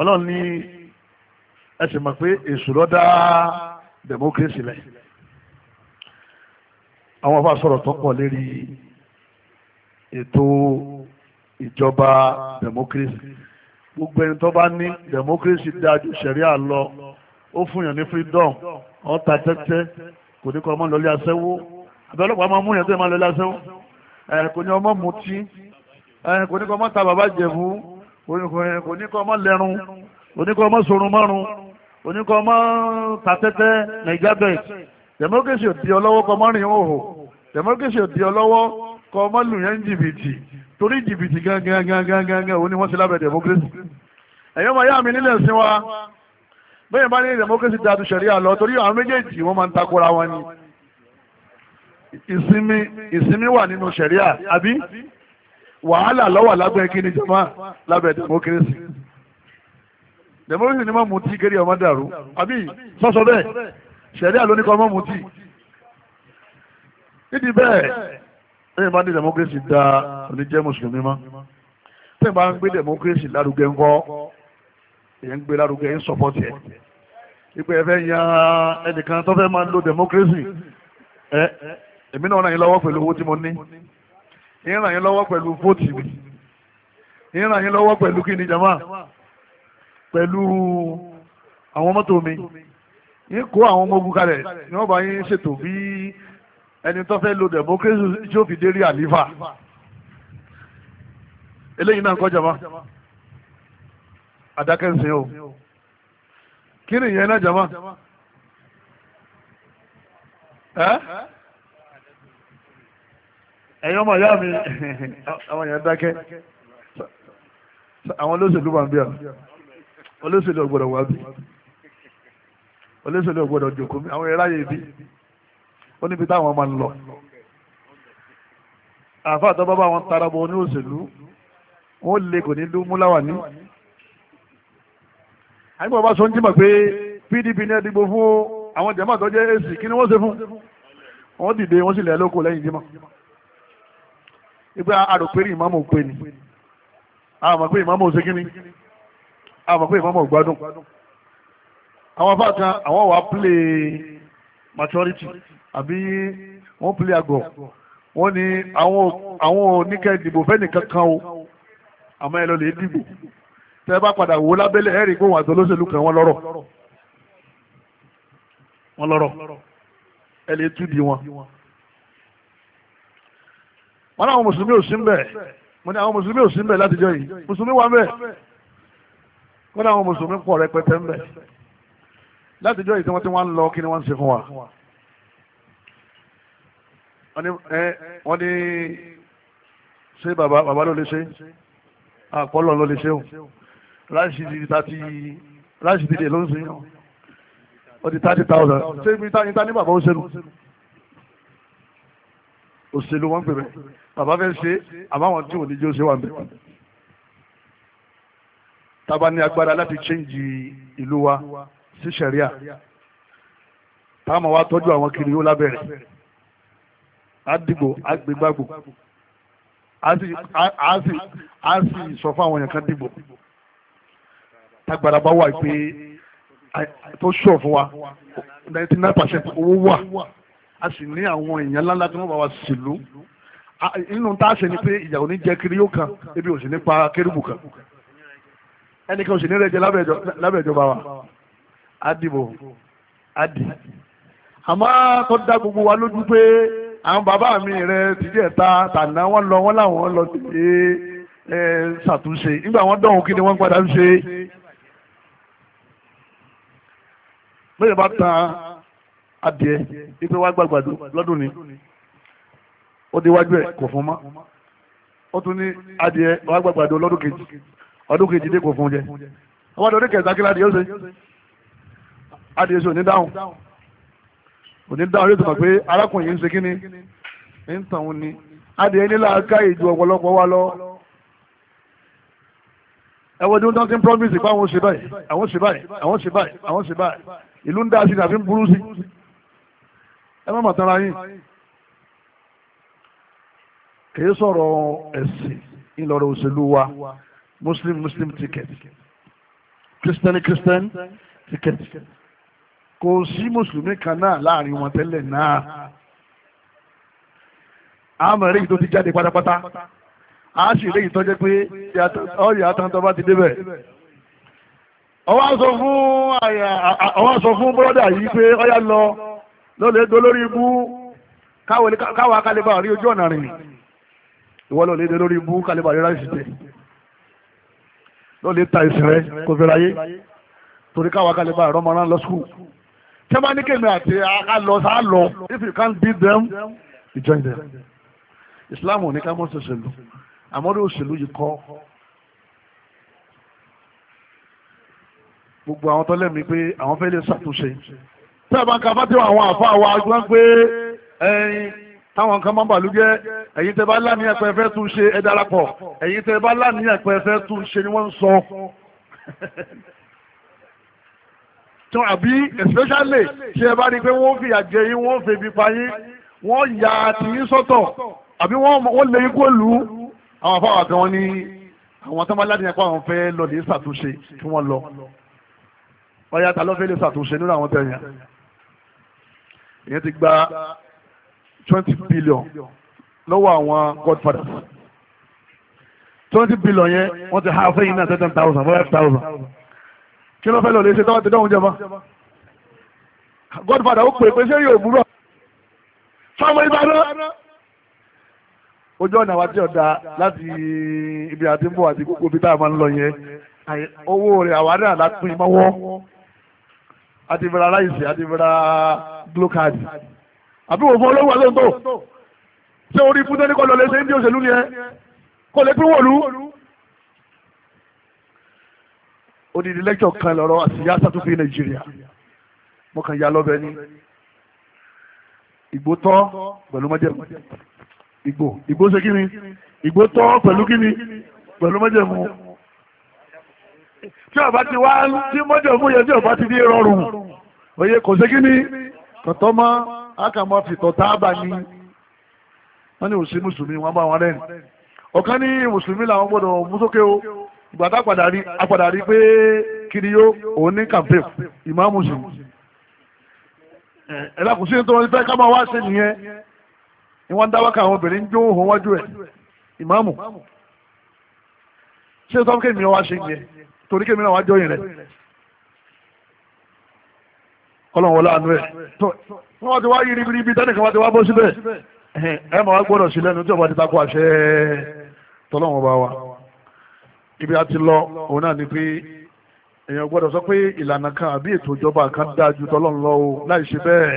ọlọ́run ti ẹ sì mọ̀ pé èṣù ló democracy lẹ̀ àwọn afá sọ̀rọ̀ tó pọ̀ lérí ètò ìjọba democracy gbogbo ẹni tó bá ní democracy dájú sẹ̀ríà lọ ó fún yàn ní freedom ó ta tẹ́tẹ́ kò ní kọ́ ọmọ lọ́lé aṣẹ́wó àbẹ́ ọlọ́pàá máa mú yàn tó yẹ máa lọ́lé aṣẹ́wó ẹ̀ kò ní ọmọ mutí ẹ̀ kò ní kọ́ ọmọ ta bàbá jẹ̀bú kò ní kọ́ ọmọ lẹ́run kò ní kọ́ ọmọ sorun márùn kò ní kọ́ ọmọ ń ta tẹ́tẹ́ naija bank democracy ò di ọlọ́wọ́ kọ́ mọ́rin òhò democracy ò di ọlọ́wọ́ kọ́ mọ́lù yẹn jìbìtì torí jìbìtì gangan gangan gangan òun ni wọ́n ṣe lábẹ́ democracy ẹ̀yọ́ máa yá mi nílẹ̀ sí wa bẹ́ẹ̀ bá ní democracy da tu sẹ̀ríà lọ torí àwọn méjèèjì wọ́n máa ń takora wọn ni ìsinmi ìsinmi wà nínú sẹ̀ríà àbí wàhálà ló lábẹ́ kí ni jama lábẹ́ democracy democracy ni ma mu tí kéré ọmọ dàrú àbí sọ́sọ́ bẹ́ẹ̀ sẹ̀ríà ló ní kọ́ ọmọ mu tí nídìí bẹ́ẹ̀ lẹ́yìn bá ní democracy da oníjẹ́ mùsùlùmí mọ́ tẹ́yìn bá ń gbé democracy lárugẹ ńkọ́ èyí ń gbé lárugẹ ń sọpọ́tì ẹ̀ ipò ẹ̀fẹ́ yan ẹnìkan tó fẹ́ máa lo democracy ẹ èmi náà ràn yín lọ́wọ́ pẹ̀lú owó tí mo ní ìràn yín lọ́wọ́ pẹ̀lú fóòtì mi ìràn yín lọ́wọ́ pẹ̀lú kí jama pẹ̀lú àwọn mọ́tò mi yín kó àwọn ọmọ ogun kalẹ̀ ni wọ́n bá yín ṣètò bí ẹni tó fẹ́ lo democracy tí ó fi dé rí àlífà eléyìí náà kọjá ma àdákẹ́sìn o kí ni ìyẹn náà jama ẹ ẹ̀yin ọmọ ìyá mi (laughs) àwọn yẹn dákẹ́ àwọn olóṣèlú bá ń bí ọ olóṣèlú ọgbọ́dọ̀ wà bí olóṣèlú ọgbọ́dọ̀ jòkó mi àwọn ẹ̀ráyè bí ó níbi táwọn máa ń lọ àfáà tó bá bá wọn tara bọ ní òṣèlú wọn lè kò ní lú múláwà ní. àyíkọ́ bá sọ ń jímọ̀ pé PDP ní ẹ̀dìgbò fún àwọn jẹ̀mọ́ tó jẹ́ èsì kí ni wọ́n ṣe fún wọ́n dìde wọ́n sì lẹ̀ lóko lẹ́yìn jímọ̀ ìgbà àròpé ìmáàmù pé ni àwọn àmọ̀ pé ìmáàmù ò àmọ́ pé ìmọ̀mọ̀ gbádùn àwọn afá kan àwọn wà plé maturity àbí wọ́n plé àgọ̀ wọ́n ní àwọn oníkẹ́ ìdìbò fẹ́ nìkan kan o àmọ́ ẹ lọ lè dìbò tẹ́ bá padà wò lábẹ́lẹ̀ ẹ̀rí pé wọ́n àti olóṣèlú kan wọ́n lọ́rọ̀ wọ́n lọ́rọ̀ ẹ lè tú di wọn wọ́n ní àwọn mùsùlùmí ò sí ń bẹ̀ wọ́n ní àwọn mùsùlùmí ò sí ń bẹ̀ látijọ́ yìí mùsùlùmí wà ń bẹ̀ wọ́n ní àwọn mùsùlùmí pọ̀ rẹpẹtẹ ń bẹ̀ láti jọ ìtí wọ́n ti wá ń lọ kí ni wọ́n ń ṣe fún wa wọ́n ní ṣé bàbá bàbá ló lè ṣe àpọ́lọ̀ ló lè ṣe o láìsí ti tàti láìsí ti dè ló ń sìn yàn ó ti thirty thousand ṣé ibi ta ni ta ni bàbá òṣèlú òṣèlú wọn pè bẹ bàbá fẹ́ ṣe àbáwọn tí ò ní jẹ́ òṣèlú wọn pè tába ní agbára láti chẹ́ǹjì ìlú wa sí ṣẹ̀ríà táwọn wa tọ́jú àwọn kiri ó lábẹ́rẹ̀ àdìgbò àgbégbàgbò a sì sọ fún àwọn èèyàn kan dìgbò tágbára bá wà pé tó ṣọ̀ fún wa ninety nine percent owó wà a sì ní àwọn èèyàn ńláńlá tí wọ́n bá wa sílùú inú tá a ṣe ni pé ìyàwó ní jẹ́ kiri yóò kan ebi ò sì ní pa kérúbù kan ẹnìkan òsì nílẹ̀ jẹ́ lábẹ́jọba wa adìbò adì àmọ́ tó dá gbogbo wa lójú pé àwọn bàbá mi rẹ tìjẹ́ ta tànà wọ́n lọ wọ́n láwọn lọ sí ẹ ṣàtúnṣe nígbà wọ́n dọ̀hún kí ni wọ́n padà ń ṣe bẹ́ẹ̀ bá tan adìẹ ipe wá gbàgbàdo lọ́dún ni ó déwájú ẹ̀ kò fún mọ́ ó tún ní adìẹ wá gbàgbàdo lọ́dún kejì ọdún kejì dé kò fún jẹ ọwọ́ ọdún kẹta kí ládìí ó ṣe adìyẹ sí òní dáhùn òní dáhùn yóò tó mọ̀ pé arákùnrin yìí ń ṣe kí ni ń tàn òun ni adìyẹ nílà ká ìjù ọ̀pọ̀lọpọ̀ wa lọ ẹwọ́n tí wọ́n ti ń promise pé àwọn ṣe báyìí àwọn ṣe báyìí àwọn ṣe báyìí àwọn ṣe báyìí ìlú ń dá sí tàbí ń burú sí ẹ má mà yín kì í sọ̀rọ̀ ẹ̀sìn ńlọrọ̀ òṣèlú wa muslim muslim ticket christian christian ticket kò sí mùsùlùmí kan náà láàrin wọn tẹ́lẹ̀ náà àmọ́ èyí tó ti jáde pátápátá a sì léyìí tó jẹ́ pé ọ̀rẹ́ àtàntọ́ bá ti débẹ̀ ọwọ́ sọ fún bọ́dà yìí pé ọyá lọ lọ́lẹ̀ dó lórí ibú káwọ́ akálẹ́bà rí ojú ọ̀nà rìn ìwọ́ lọ́lẹ̀ dó lórí ibú kálẹ́bà rí ráìsì tẹ̀ ló lè ta ìsìn rẹ kó fẹ́ ráyé torí káwa ká lè bá àrọ́ mọ́ra lọ skul tí wọ́n bá ní kéèmì àti àlọ́ sá lọ if you can't beat them you join them Islam ò ní ká mọ́ ṣòṣèlú àmọ́dé òṣèlú yìí kọ́ gbogbo àwọn tó lẹ́mìí pé àwọn fẹ́ lè ṣàtúnṣe tí a bá ń ka fátìwọ̀ àwọn àfa wa gbọ́n pé ẹyin táwọn kan máa ń bàlú jẹ́ ẹ̀yin tẹ́ bá láàní ẹ̀pẹ́ fẹ́ tún ṣe ẹ darapọ̀ ẹ̀yin tẹ́ bá láàní ẹ̀pẹ́ fẹ́ tún ṣe ni wọ́n ń sọ. (laughs) tán àbí especially ṣe ẹ bá rí i pé wọ́n fìyà jẹ yín wọ́n fèbí pa yín wọ́n yà á tìyín sọ́tọ̀ àbí wọ́n lè yín kó lù ú àwọn afáwà kan ní àwọn tó máa láti yẹn àwọn fẹ́ lọ lè ṣàtúnṣe kí wọ́n lọ ọ̀yà ta ló fẹ́ lè ṣàtúnṣe nínú àwọn tẹ̀yìn ìyẹn ti gba twenty billion lọ́wọ́ àwọn godfathers twenty billion yẹn wọ́n ti ha fẹ́yìn náà ten thousand five thousand kí ló fẹ́ lọ lè ṣe tọ́wọ́ ti dọ́hùn jẹba godfather ó pè pé ṣé yóò burú fáwọn ìbàdàn ojú ọ̀nà àwa tí da láti ibi àti ń bọ̀ àti gbogbo ibi tá a máa ń lọ yẹn owó rẹ̀ àwa náà la pín mọ́wọ́ àti ìfira láìsí àti ìfira glucose àbí wò fún olówó àtọ́ntò ṣé orí fún tẹ́lẹ̀ kọ́ lọ lẹ́sẹ̀ ní òṣèlú ni ẹ kọ́ lè pín wòlú. odidi lẹ́kítọ̀ kan lọ́rọ̀ àṣìyá sátúfì nàìjíríà mo kàn ya lọ́bẹ̀ ni ìgbó tọ́ pẹ̀lú májẹ̀mú ìgbó ìgbó ṣe kí ni ìgbó tọ́ pẹ̀lú kí ni pẹ̀lú májẹ̀mú tí ọba ti wá tí májẹ̀mú yẹn tí ọba ti di rọrùn òye kò ṣe kí ni kọ̀tọ́ máa akàmọ́ fìtọ̀ táàbà ni wọ́n ní òsì mùsùlùmí wọ́n bá wọn rẹ́ni ọ̀kan ní mùsùlùmí làwọn gbọ́dọ̀ mú sókè o ìgbà tá a padà rí pé kiriyó òun ní campaign ìmáàmù mùsùlùmí ẹ̀dá kò sí ní tó wọ́n fẹ́ ká máa wá sí nìyẹn ni wọ́n ń dáwọ́kà àwọn obìnrin jó òhun wájú ẹ̀ ìmáàmù ṣé sọ́kè mi wá ṣe nìyẹn torí kémi náà wá jọyìn rẹ̀ kọ́lọ́n wọlé àánú ẹ̀ tó wọ́n ti wá yí ribiribi tẹ́nìkan wá ti wá bọ́ síbẹ̀ ẹ máa wá ibi a ti lọ òun náà ni pé èèyàn gbọ́dọ̀ sọ pé ìlànà kan àbí ètò ìjọba kan dáa ju tọ́lọ́n lọ o láì ṣe bẹ́ẹ̀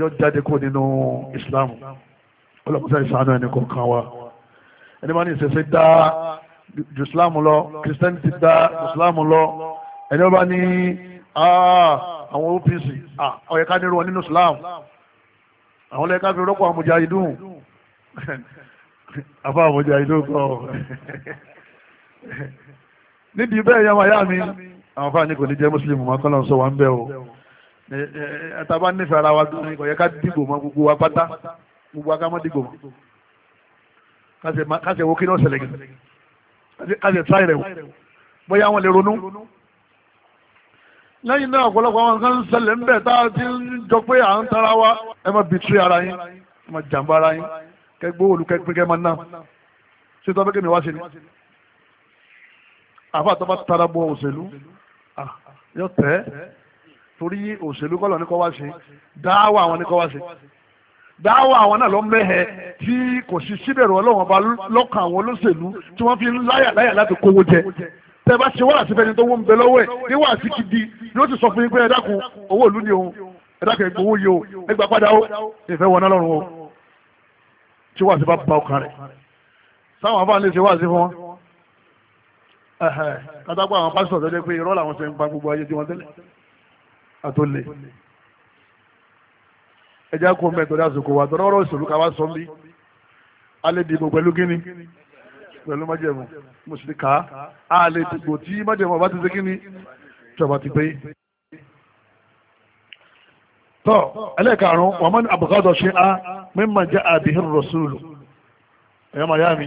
yọ jáde kó nínú Islam ọlọ́mọṣẹ́ ìsànú ẹni kọ̀ọ̀kan wa ẹni máa ní ìṣẹ̀ṣẹ̀ dá ju Islam lọ Christianity dá Islam lọ ẹni ọba ní aaa àwọn OPC ọ̀yẹ̀ ká nírú wọn nínú Islam àwọn lẹ́ka fi rọ́pò àmújá idún (laughs) àbá àmújá idún kọ́ (laughs) níbi bẹ́ẹ̀ yá máa yá mi àwọn fáàní kò ní jẹ́ mùsùlùmí máa kọ́lọ̀ sọ wà ń bẹ̀ o ẹ̀ta bá nífẹ̀ẹ́ ara wa gan kò yẹ ká dìgbò mọ́ gbogbo wa pátá gbogbo wa ká mọ́ dìgbò mọ́ káṣẹ̀ wo kí ní ọ̀sẹ̀ lẹ́gẹ̀ẹ́ káṣẹ̀ tíráì rẹ̀ wò bóyá wọn lè ronú lẹ́yìn náà ọ̀pọ̀lọpọ̀ àwọn kan ń ṣẹlẹ̀ ńbẹ̀ tá a ti ń jọ pé à ń tara wa ẹ máa bìtìrì ara yín ẹ máa jàǹbá ara yín kẹgbó olùkẹ́gbẹ́ kẹ́ máa ná ṣé tó bá kémi wá ṣe ni àfa tó bá tara bọ òṣèlú yóò tẹ́ torí òṣèlú kọ́ lọ ní kọ́ wá ṣe dáwọ́ àwọn ní kọ́ wá ṣe dáwọ́ àwọn náà lọ mẹ́hẹ̀ tí kò sí síbẹ̀rù ọlọ́wọ́n bá lọ́kàn àwọn olóṣèlú tí wọ́n fi ń láyà láyà láti kówó jẹ tẹ bá ṣe wáàsí fẹni tó wọ́n ń bẹ lọ́wọ́ ẹ̀ ní wáàsí gidi ni ó ti sọ fún yín pé ẹ dákun owó ìlú ni òun ẹ dákun ìgbowó yìí o ẹ gbà padà o ìfẹ́ wọn náà lọ́rùn o tí wáàsí bá ba ọkàn rẹ̀ sáwọn afáàlẹ́ ṣe wáàsí fún wọn kátàpọ̀ àwọn pásítọ̀ tó pé irọ́ làwọn ṣe ń pa gbogbo ayé tí wọ́n tẹ́lẹ̀ àtòlè ẹjá kó mẹ́tọ̀dá àsìkò wà tọ́rọ́ ìṣòlú ká wá sọ pẹ̀lú májẹ̀mú mo sì a lè dìbò tí májẹ̀mú ọba ti ṣe kíni tọba ti pé. tọ́ ẹlẹ́ẹ̀karùn-ún ṣe á mímọ̀ jẹ́ àbíhìn rọ̀ṣúlù ẹ̀yọ́ màá mi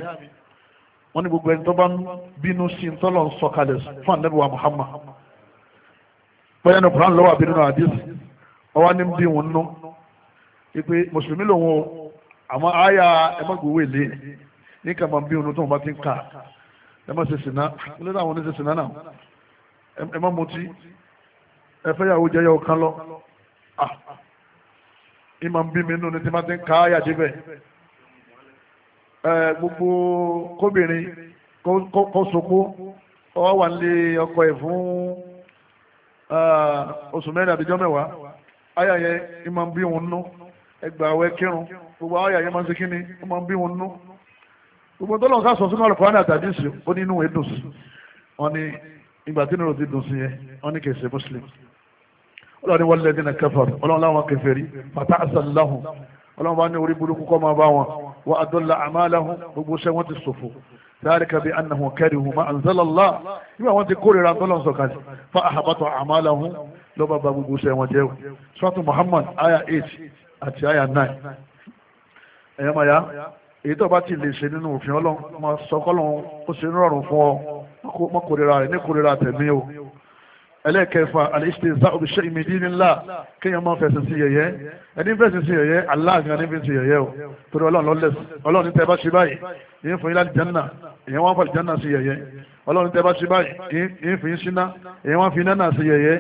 wọ́n ní gbogbo ẹni tó bá ń bínú sí tọ́lọ̀ ń sọ kalẹ̀ fún Muhammad bóyá ní lọ́wọ́ àbínú àdìsí ọwọ́ ní bí wọn nú ipe mùsùlùmí lòun o àmọ́ àyà lé ní kàmá bí ònú tó wọn bá ti ń kà ẹ má ṣe sìnà lẹ́nu àwọn oníṣẹ́ sìnà náà ẹ má mutí ẹ fẹ́ yàwó jẹ́ yàwó kan lọ ìmọ̀ ń bí mi nù ní tí má ti ń kà á yàjẹ́ bẹ́ẹ̀ gbogbo kóbìnrin kó sopó ọwọ́ wà nílé ọkọ ẹ̀ fún oṣù mẹ́rin àbíjọ́ mẹ́wàá ayà yẹn ìmọ̀ bí wọn nú ẹgbàá kírun gbogbo ayà máa ń ṣe kí ni ó máa ń bí wọn nú gbogbo tó lọ sá sọ sínú Al-Qur'an àtàdé sí ó ní inú ẹdùn sí wọn ní ìgbà tí nínú ti dùn sí yẹn wọn ní kì í ṣe muslim ọlọ́run ní walladhina kafaru ọlọ́run láwọn kèfèrí fata asalahun ọlọ́run bá ní orí burúkú kọ́ máa bá wọn wa adalla a'malahum gbogbo ṣẹ́ wọn ti ṣòfò dhalika bi annahum karihu ma anzala Allah wọn ti kórìíra tọ́lọ̀ sọ̀kalẹ̀ fa ahbata a'malahum lọ́ba bá gbogbo ṣẹ́ wọn jẹ́ suratu Muhammad aya eight àti aya nine ẹ̀yẹ́ èyí tó bá ti lè ṣe nínú òfin ọlọ́run máa sọ kọ́lọ́run ó ṣe rọrùn fún ọ mọ́ kórira rẹ̀ ní kórira tẹ̀mí o ẹlẹ́ẹ̀kẹfà alẹ́sítẹ́sá òbíṣẹ́ ìmìdí nílá kéèyàn máa fẹ̀sìn sí yẹ̀yẹ́ ẹni fẹ̀sìn sí yẹ̀yẹ́ aláàgán ní fi sí yẹ̀yẹ́ o torí ọlọ́run lọ́lẹ́sìn ọlọ́run tẹ́ bá ṣe báyìí ìyẹn fún yín láti jẹ́nà ìyẹn wọ́n fàlì jẹ́nà sí yẹ̀yẹ́ ọlọ́run tẹ́ bá ṣe báyìí ìyẹn fún yín síná ìyẹn wọ́n fi nánà sí yẹ̀yẹ́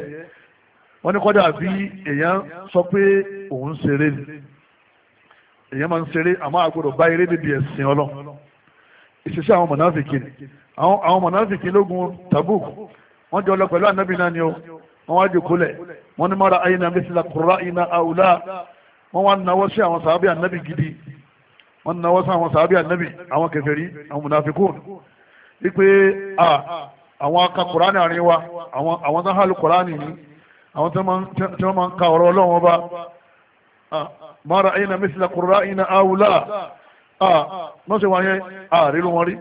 wọ́n ní kọ́dà bí èèyàn sọ pé òun ṣeré ni èèyàn máa ń ṣeré àmọ́ àgbọ̀dọ̀ bá eré níbi ẹ̀sìn ọlọ́ ìṣiṣẹ́ àwọn mọ̀náfìkì ni àwọn mọ̀náfìkì lógun Tabuk wọ́n jọ lọ pẹ̀lú ànábì náà ni ó wọ́n wá jòkólẹ̀ wọ́n ní mọ́ra ayé náà mẹ́sìlá kúrọ́ iná àwùlá wọ́n wá náwó sí àwọn sàábì ànábì gidi wọ́n náwó sí àwọn sàábì ànábì àwọn kèfèrí àwọn mọ̀náfìkùn wípé àwọn aka kùránì àárín wa àwọn tó hàlù kùránì ni àwọn tó máa ń ka ọ̀rọ̀ ọlọ́wọ́n bá mara ayina misila kura ayina awula a wọ́n ṣe wọ́n yẹn a rírun wọn rí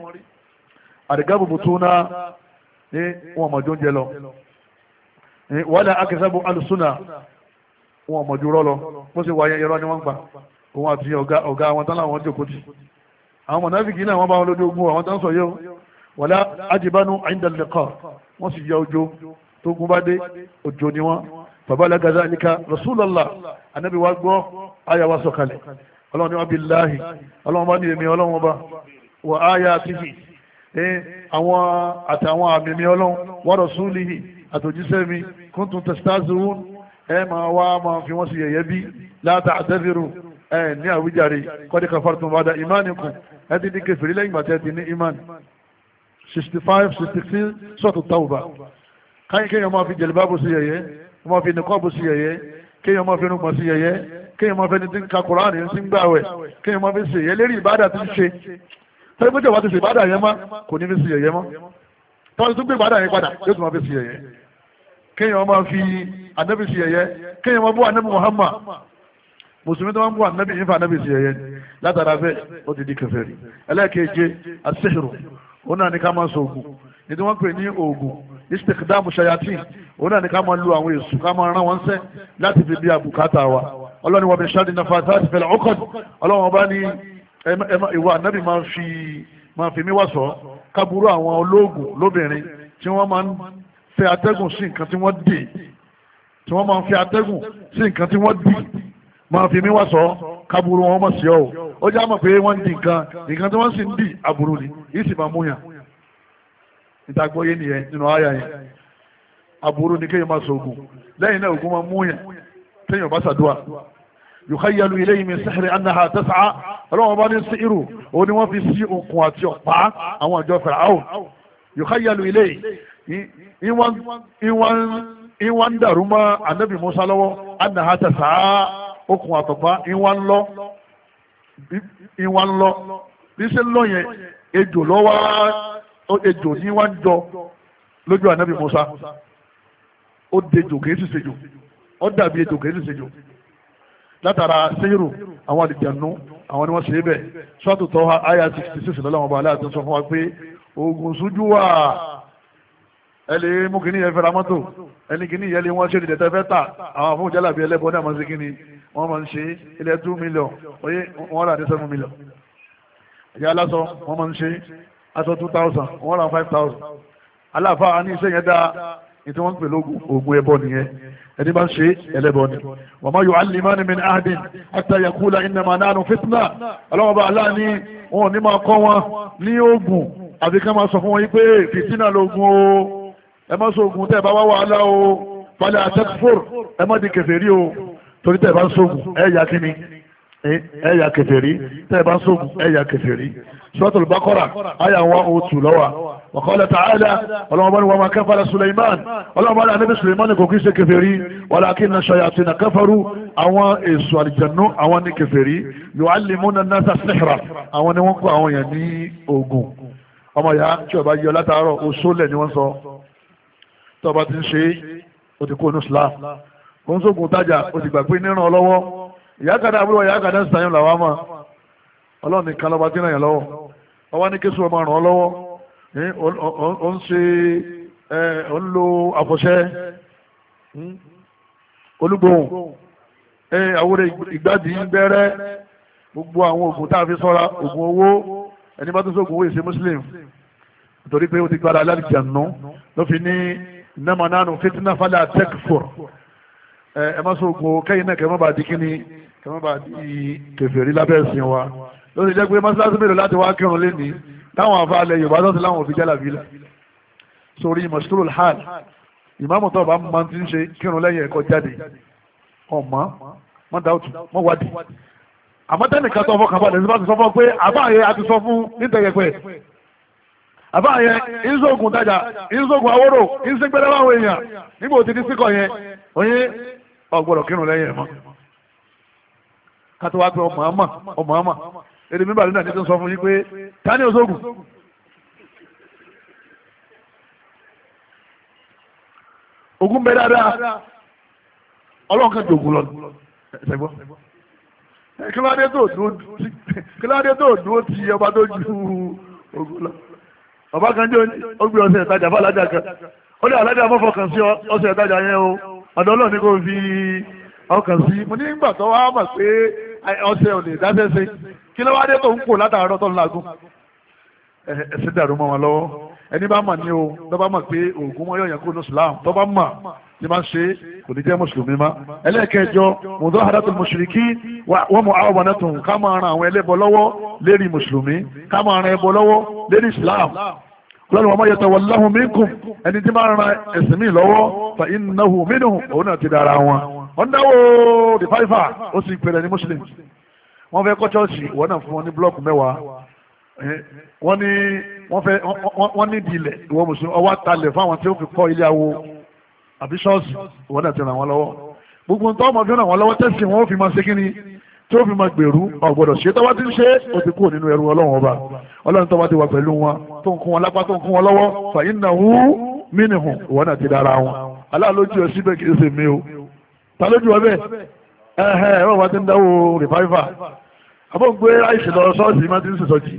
àdìgábò bò tún náà ní wọn mọ̀jú oúnjẹ lọ wàhálà akẹ́sàbò alùsùnà wọn mọ̀jú rọ́ lọ wọ́n ṣe wọ́n yẹn irọ́ ni wọ́n gbà òun àti ọ̀gá àwọn tán láwọn jókòó tì àwọn mọ̀nàfíkì náà wọ́n bá wọn lójú ogun àwọn tán sọ yóò wàlá ajibanu àyíndàlẹ́kọ̀ wọ́n sì yọ ọjọ́ tó gún bá dé ọjọ́ ni wọ́n فبلغ ذلك رسول الله النبي واغبو ايا واسوكاله ọlọ́run ni wọ́n bí láàhì ọlọ́run bá ní èmi ọlọ́run ọba wọ áyà tìfì àwọn àtàwọn àmì mi ọlọ́run wọ́n rọ̀ sún lìhì àtòjíṣẹ́ mi kún tún testazu ẹ máa wá máa fi wọ́n sí yẹ̀yẹ́ bí láta àtẹ́fìrù ẹ ní àwíjàre kọ́dí kafartum bada ìmánìkùn ẹ ti ní kẹfìrí lẹ́yìn gbàtẹ́ ti ní ìmánì 65 66 sọ́tù tàwùbà káyíkẹ́yàn máa fi jẹ̀lẹ́bá bó sí yẹ̀yẹ́ ọmọ fi nìkan bó sí yẹ̀yẹ́ kéèyàn máa fi rúgbọ̀n sí yẹ̀yẹ́ kéèyàn máa fi ní ka kùránì sí ń gbàwẹ̀ kéèyàn máa fi ṣe yẹ lérí ìbádà tí ń ṣe tẹ́lẹ̀ pé jọba ti ṣe ìbádà yẹn má kò ní fi sí yẹ̀yẹ́ mọ́ tọ́lá tún gbé ìbádà yẹn padà yóò tún máa fi sí yẹ̀yẹ́ kéèyàn máa fi ànábì sí yẹ̀yẹ́ kéèyàn máa bú ànábì Muhammad mùsùlùmí tó máa ń bú ànábì yín fa ànábì sí yẹ̀yẹ́ látara bẹ́ẹ̀ ó ti di kèfèrí ẹlẹ́ẹ̀keje àṣehìrò òun náà ní ká máa sọ ògùn ní tí wọ́n pè ní ògùn istikdamu shayatin òun náà ni ká máa lu àwọn èṣù ká máa rán wọn sẹ́ láti fi bí àbùkátà wa ọlọ́ni wa min sharri naffathati fil uqad ọlọ́wọ́n bá ní ìwà ànábì máa fi máa fi mí wá sọ kábúrú àwọn olóògùn lóbìnrin tí wọ́n máa ń fẹ́ atẹ́gùn sí nǹkan tí wọ́n dì tí wọ́n máa ń fẹ́ atẹ́gùn sí nǹkan tí wọ́n dì máa fi mí wá sọ kábúrú wọn mọ̀ sí ọ ó jẹ́ àmọ̀ pé wọ́n di nǹkan nǹkan tí wọ́n sì ń dì ni yìí sì máa ìtagbóyé nìyẹn nínú àyà yẹn aburú ni kéèyàn máa sọ̀gùn lẹ́yìn náà ògùn máa múyàn kéèyàn bá ṣàdúrà yùkáyàlú ilé yìí mi sẹ́hìrì anáhà tẹ́sàá ọlọ́wọ́n bá ní sí irú òun ni wọ́n fi sí okùn àti ọ̀pá àwọn àjọ fẹ̀rẹ̀ áwò yùkáyàlú ilé ìwọ̀n ń dàrú mọ́ anábì musa lọ́wọ́ anáhà tẹ́sàá okùn àtọ̀pá ìwọ̀n lọ bí ṣe ń lọ yẹn ejò lọ́wọ́ ejò ní wá ń jọ lójú ànábì Musa ó dejò kìí sì sejò ó dàbí ejò kìí sì sejò látara sẹ́yìrò àwọn àlìjànú àwọn ni wọ́n ṣe é bẹ̀ ṣọ́ọ̀tù tọ́ ha aya sixty six lọ́lọ́wọ́n bá aláàtọ̀ sọ fún wa pé oògùn sójú wà ẹ lè mú kíní yẹn fẹ́ra mọ́tò ẹni kíní yẹn lè wọ́n ṣe ìdẹ̀tẹ́ fẹ́ tà àwọn àfún jálàbí ẹlẹ́bọ náà máa ń ṣe kíní wọ́n máa ń ṣe ilẹ̀ two million oyè wọ́n rà ní seven million ìyá aláṣọ wọ́n máa ń ṣe aṣọ two thousand wọ́n ra five thousand aláàfáà a ní iṣẹ́ yẹn dáa ìtí wọ́n ń pè lóògùn oògùn ẹbọ nìyẹn ẹni bá ń ṣe ẹlẹ́bọ ni wa ma yu'allimani min ahadin hatta yaqula innama nahnu fitna ọlọ́wọ́ba aláàní wọn ò ní máa kọ́ wọn ní oògùn àbí ká máa sọ fún wọn yí pé fìtínà lóògùn o ẹ má sọ oògùn tẹ́ bá wá wàhálà o fala takfur ẹ má di kèfèrí o torí tẹ́ bá ń sọ oògùn ẹ yà kí ni ẹ̀yà kẹfẹ̀rí tẹ́ ẹ bá sóògùn ẹ̀yà kẹfẹ̀rí suratul baqara àyà wọn ò tù lọ́wà wa qala ta'ala ọlọ́mọba ni wọ́n máa kafara suleiman ọlọ́mọba ni anabi suleiman kò kí ṣe kẹfẹ̀rí walakinna shayatina kafaru àwọn èso àlìjànú àwọn ní kẹfẹ̀rí yu'allimuna nasa sihra àwọn ni wọ́n kọ́ àwọn yẹn ní oògùn ọmọ ya tí ọba yọ látàárọ̀ oṣoolẹ̀ ni wọ́n sọ tọ́ba ti ń ṣe ó ti kó onú sùlá ó ń sógun tájà ó ti gbàgbé níran ọlọ́wọ́ ìyáàkàdá àbúrò ìyáàkàdá ń sàyẹn làwọn àmà ọlọ́run nìkan lọ́ba tí ń ràn yàn lọ́wọ́ ọwọ́ ní kéṣù ọmọ ràn ọ́ lọ́wọ́ ó ń ṣe ó ń lo àfọ̀ṣẹ́ olúgbòhùn àwòrán ìgbàdí bẹ́rẹ́ gbogbo àwọn oògùn tá a fi sọ́ra oògùn owó ẹni bá tún sóògùn owó ìṣe muslim torí pé ó ti gbára alálìjànú ló fi ní nàmánánú fitna fala tekfor ẹ má sọ̀gbọ́n kẹ́yìn náà kẹ́ má bàa di kíní kẹ́ má bàa di kẹfẹ́rí lábẹ́ ẹ̀sìn wa lórí jẹ́ pé mọ́sálásí mélòó láti wá kírun lẹ́ni táwọn afa alẹ́ yorùbá tó ti láwọn òfin jálà bílà sórí mọ̀sítúrò hàn ìmáàmù tó bá máa ti ń ṣe kírun lẹ́yìn ẹ̀kọ́ jáde ọ̀mọ́ wọ́n dá òtún wọ́n wádìí àmọ́ tẹ́nìkan tó fọkàn balẹ̀ sí bá àbáyé a tajà ìṣògùn awóró ìṣègbè láwọn nígbà òtítí síkọ̀ yẹn òye ọgbọ́dọ̀ kírun lẹ́yìn ẹ̀ mọ́ kátó wá pé ọmọ àmà ọmọ àmà èdè mímbà lónìí àti tó ń sọ fún yín pé ta ni òṣogùn ogun bẹ dáadáa ọlọ́run kan jògùn lọ ṣẹgbọ́n kílódé tó dúró ti ọba tó ju ogun lọ ọba kan jẹ́ ó gbé ọṣẹ ìtajà fún alájà kan ó ní alájà fọ́fọ́ kan sí ọṣẹ ìtajà yẹn o ọ̀dọ̀ ọlọ́run ni kò fi ọkàn sí mo ní ìgbà tó wá mọ̀ pé ọṣẹ ò lè dáṣẹ́ ṣe kí ló wá dé tó ń kò látàárọ̀ tó ń lagún ẹ̀sìn dàrú mọ́ wọn lọ́wọ́ ẹni bá mọ̀ ní o tó bá mọ̀ pé oògùn wọn yóò yàn ní Islam tó bá mọ̀ ní máa ṣe kò ní jẹ́ mùsùlùmí má. ẹlẹ́ẹ̀kẹjọ mudaharatul mushrikin wa mu'awanatuhum ká máa ran àwọn ẹlẹ́bọ lọ́wọ́ lérí mùsùlùmí ká máa ran ẹbọ lọ́wọ́ lérí Islam lọ́nà wọn yẹtọ̀ wọ́n láhùn mí kù ẹni tí máa ran ẹ̀sìn mi lọ́wọ́ fa ináhùn mí nù òun náà ti dára wọn. wọ́n dáwọ́ rìfáìfà ó sì pèrè ní muslim wọ́n fẹ́ kọ́ chọ́ọ̀ṣì wọ́n náà fún wọn ní blọ́ọ̀kù mẹ́wàá wọ́n ní wọ́n fẹ́ wọ́n ní ìdílẹ̀ ìwọ mùsùlùmí ọwọ́ àtàlẹ̀ fáwọn tí ó fi kọ́ ilé awo àbí ṣọ́ọ̀ṣì wọ́n náà ti ràn wọ́n lọ́wọ́ gbogbo nǹkan ọmọ fẹ́ràn wọn lọ́wọ́ tẹ̀sí wọn ó fi máa ṣe kíni tí ó fi máa gbèrú ọ̀gbọ́dọ̀ ṣe tọ́wọ́ ti ń ṣe ó ti kúrò nínú ẹrù ọlọ́run ọba ọlọ́run tọ́wọ́ ti wà pẹ̀lú wọn tó ń kún wọn lápá tó ń kún wọn lọ́wọ́ fàyín náà hù mí wọn náà ti dára wọn aláàlójú ẹ síbẹ̀ kì í ṣe mí o ta lójú ọ bẹ́ẹ̀ ẹ̀hẹ́ ẹ̀rọ wa ti ń dáwó rìfáìfà àbọ̀ ń gbé àìsè lọ sọ́ọ̀sì má ti ń sèṣọ́jì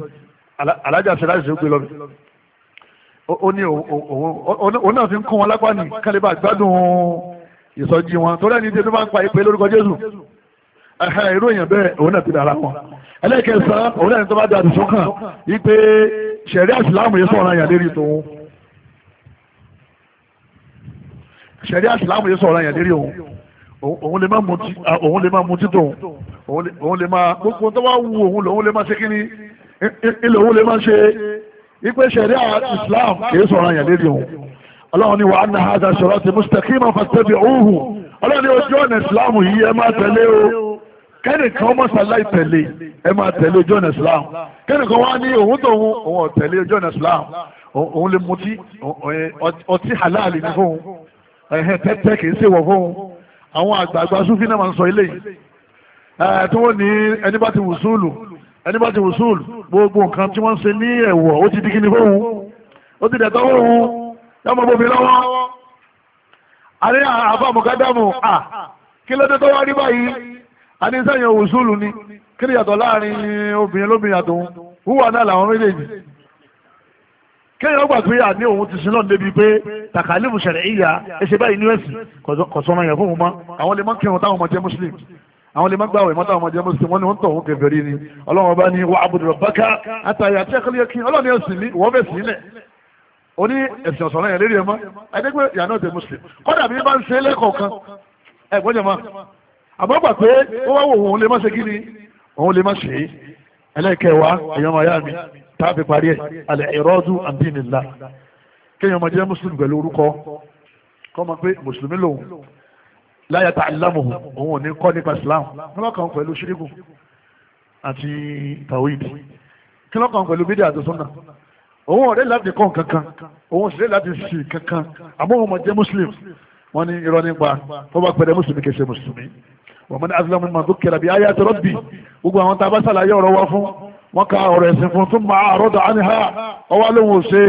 alájà ṣe láìsè ó gbé lọ ó ní òun náà fi ń kún wọn lápá ní kálíbà gbádùn ìsọjí wọn torí ẹni tí ó bá ń pa ìpè lórúkọ Jésù irú èèyàn bẹ́ẹ̀ òun náà ti dára wọn ẹlẹ́kẹ̀ẹ́sán òun náà tó bá dáa tuntun kàn yí pé ṣẹ̀rí àsìláàmù yẹn sọ̀rọ̀ àyàn lérí tòun ṣẹ̀rí àsìláàmù yẹn sọ̀rọ̀ àyàn lérí òun òun lè má mutí òun lè má mutí tòun òun lè má gbogbo tó bá wù òun lòun lè má ṣe kíní ilé òun lè má ṣe yí pé ṣẹ̀rí àsìláàmù kìí sọ̀rọ̀ àyàn lérí òun ọlọ́run ni wàá náà ṣọ̀rọ̀ ti mustaqima fàtẹ́bí òhùn ọlọ́run ni ojú ọ̀nà ìsìláàmù yìí ẹ má tẹ̀lé o kẹ́nìkan ọmọ sàlá ìtẹ̀lé ẹ máa tẹ̀lé ojú ọ̀nà Islam kẹ́nìkan wá ní òun tó òun ọ̀tẹ̀lé ojú ọ̀nà Islam òun lè mutí ọtí halali ní fóun ẹ̀hẹ́n tẹ́tẹ́ kìí ṣe wọ̀ fóun àwọn àgbààgbà sufi náà máa ń sọ ilé yìí ẹ̀ tí wọ́n ní ẹni bá ti wùsùlù ẹni bá ti wùsùlù gbogbo nǹkan tí wọ́n ń ṣe ní ẹ̀wọ̀ ó ti di kíni fóun ó ti dẹ̀tọ́ fóun yọmọ adéṣẹ́yìn òwúsùlù ni kí ni yàtọ̀ láàrin obìnrin lóbìnrin àtòun wúwà náà làwọn méjèèjì kéèyàn gbà pé àní òun ti sin débi pé tàkàlífù ṣẹlẹ̀ ìyá ẹsẹ̀ báyìí ní ẹ̀sìn kọ̀sọ́nà yẹn fún òun àwọn lè má kírun táwọn ọmọ jẹ́ muslim àwọn lè má gbà wẹ̀ mọ́ táwọn ọmọ jẹ́ muslim wọ́n ní wọ́n tọ̀ òun ni ọlọ́run ọba ní wà ábùdùrọ̀ bákà àtàyà tí ẹ̀kọ́ yẹ kí ọlọ́run yẹn sìn mí wọ́n fẹ́ sìn lẹ̀ oní ẹ̀sìn ọ̀sán yẹn lérí ẹ mọ́ àmọ́ gbà pé ó wá wò òun lè má ṣe kí ni òun lè má ṣe é ẹlẹ́kẹ̀wá ẹ̀yọ́ ọmọ ayá mi tá a fi parí ẹ̀ alẹ́ ìrọ́dù àdínìlá kéèyàn máa jẹ́ mùsùlùmí pẹ̀lú orúkọ kọ́ máa pé mùsùlùmí lòun láyà tá àlámùhù òun ò ní kọ́ nípa islam kílọ̀kan pẹ̀lú ṣíríkù àti tawhid kílọ̀kan pẹ̀lú bídíà àti sunna òun ọ̀rẹ́ láti kọ́ kankan òun sì rẹ́ láti sì kankan àmọ́ òun máa jẹ́ mùsùlùmí wọ́n ní irọ́ nípa tó bá pẹ̀lẹ́ mùsùlùmí kẹsẹ̀ mùsùlùmí wọ́n mọ́ ní asilamu ma dúkìrà bí ayé àtọ́rọ́ bì gbogbo àwọn tá a bá ṣàlàyé ọ̀rọ̀ wa fún wọn ka ọ̀rọ̀ ẹ̀sìn fún tún máa àrọ́dọ̀ àníhà ọwọ́ lóhùn ṣe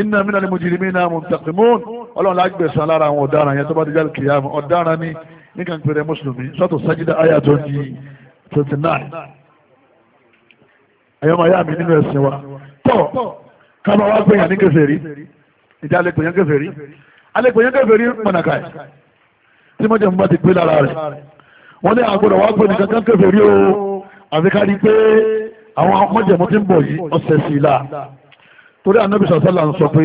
iná mi náà ni mujirimi náà muntaqimon ọlọ́run lágbèsàn lára àwọn ọ̀daràn yẹn tó bá dé jáde kìyàmù ọ̀daràn ni nìkan pèrè mùsùlùmí sọ́tò sájídà àyà twenty nine ẹ̀yọ́ máa yá mi nínú ẹ̀sìn wa tọ́ ká máa wá gbẹ̀yàn ní kèfèrí ìjà alẹ́ gbẹ̀yàn kèfèrí alẹ́ gbẹ̀yàn kèfèrí mọ̀nàkà tí mọ́jọ́ mú bá ti pé lára rẹ̀ wọ́n ní àgbọ̀dọ̀ wá pé nìkan kan kẹfẹ́ rí o àfi ká rí pé àwọn ọmọdéjẹ̀mú ti ń bọ̀ yìí ọ̀sẹ̀ sí i la torí ànábì sàṣálà ń sọ pé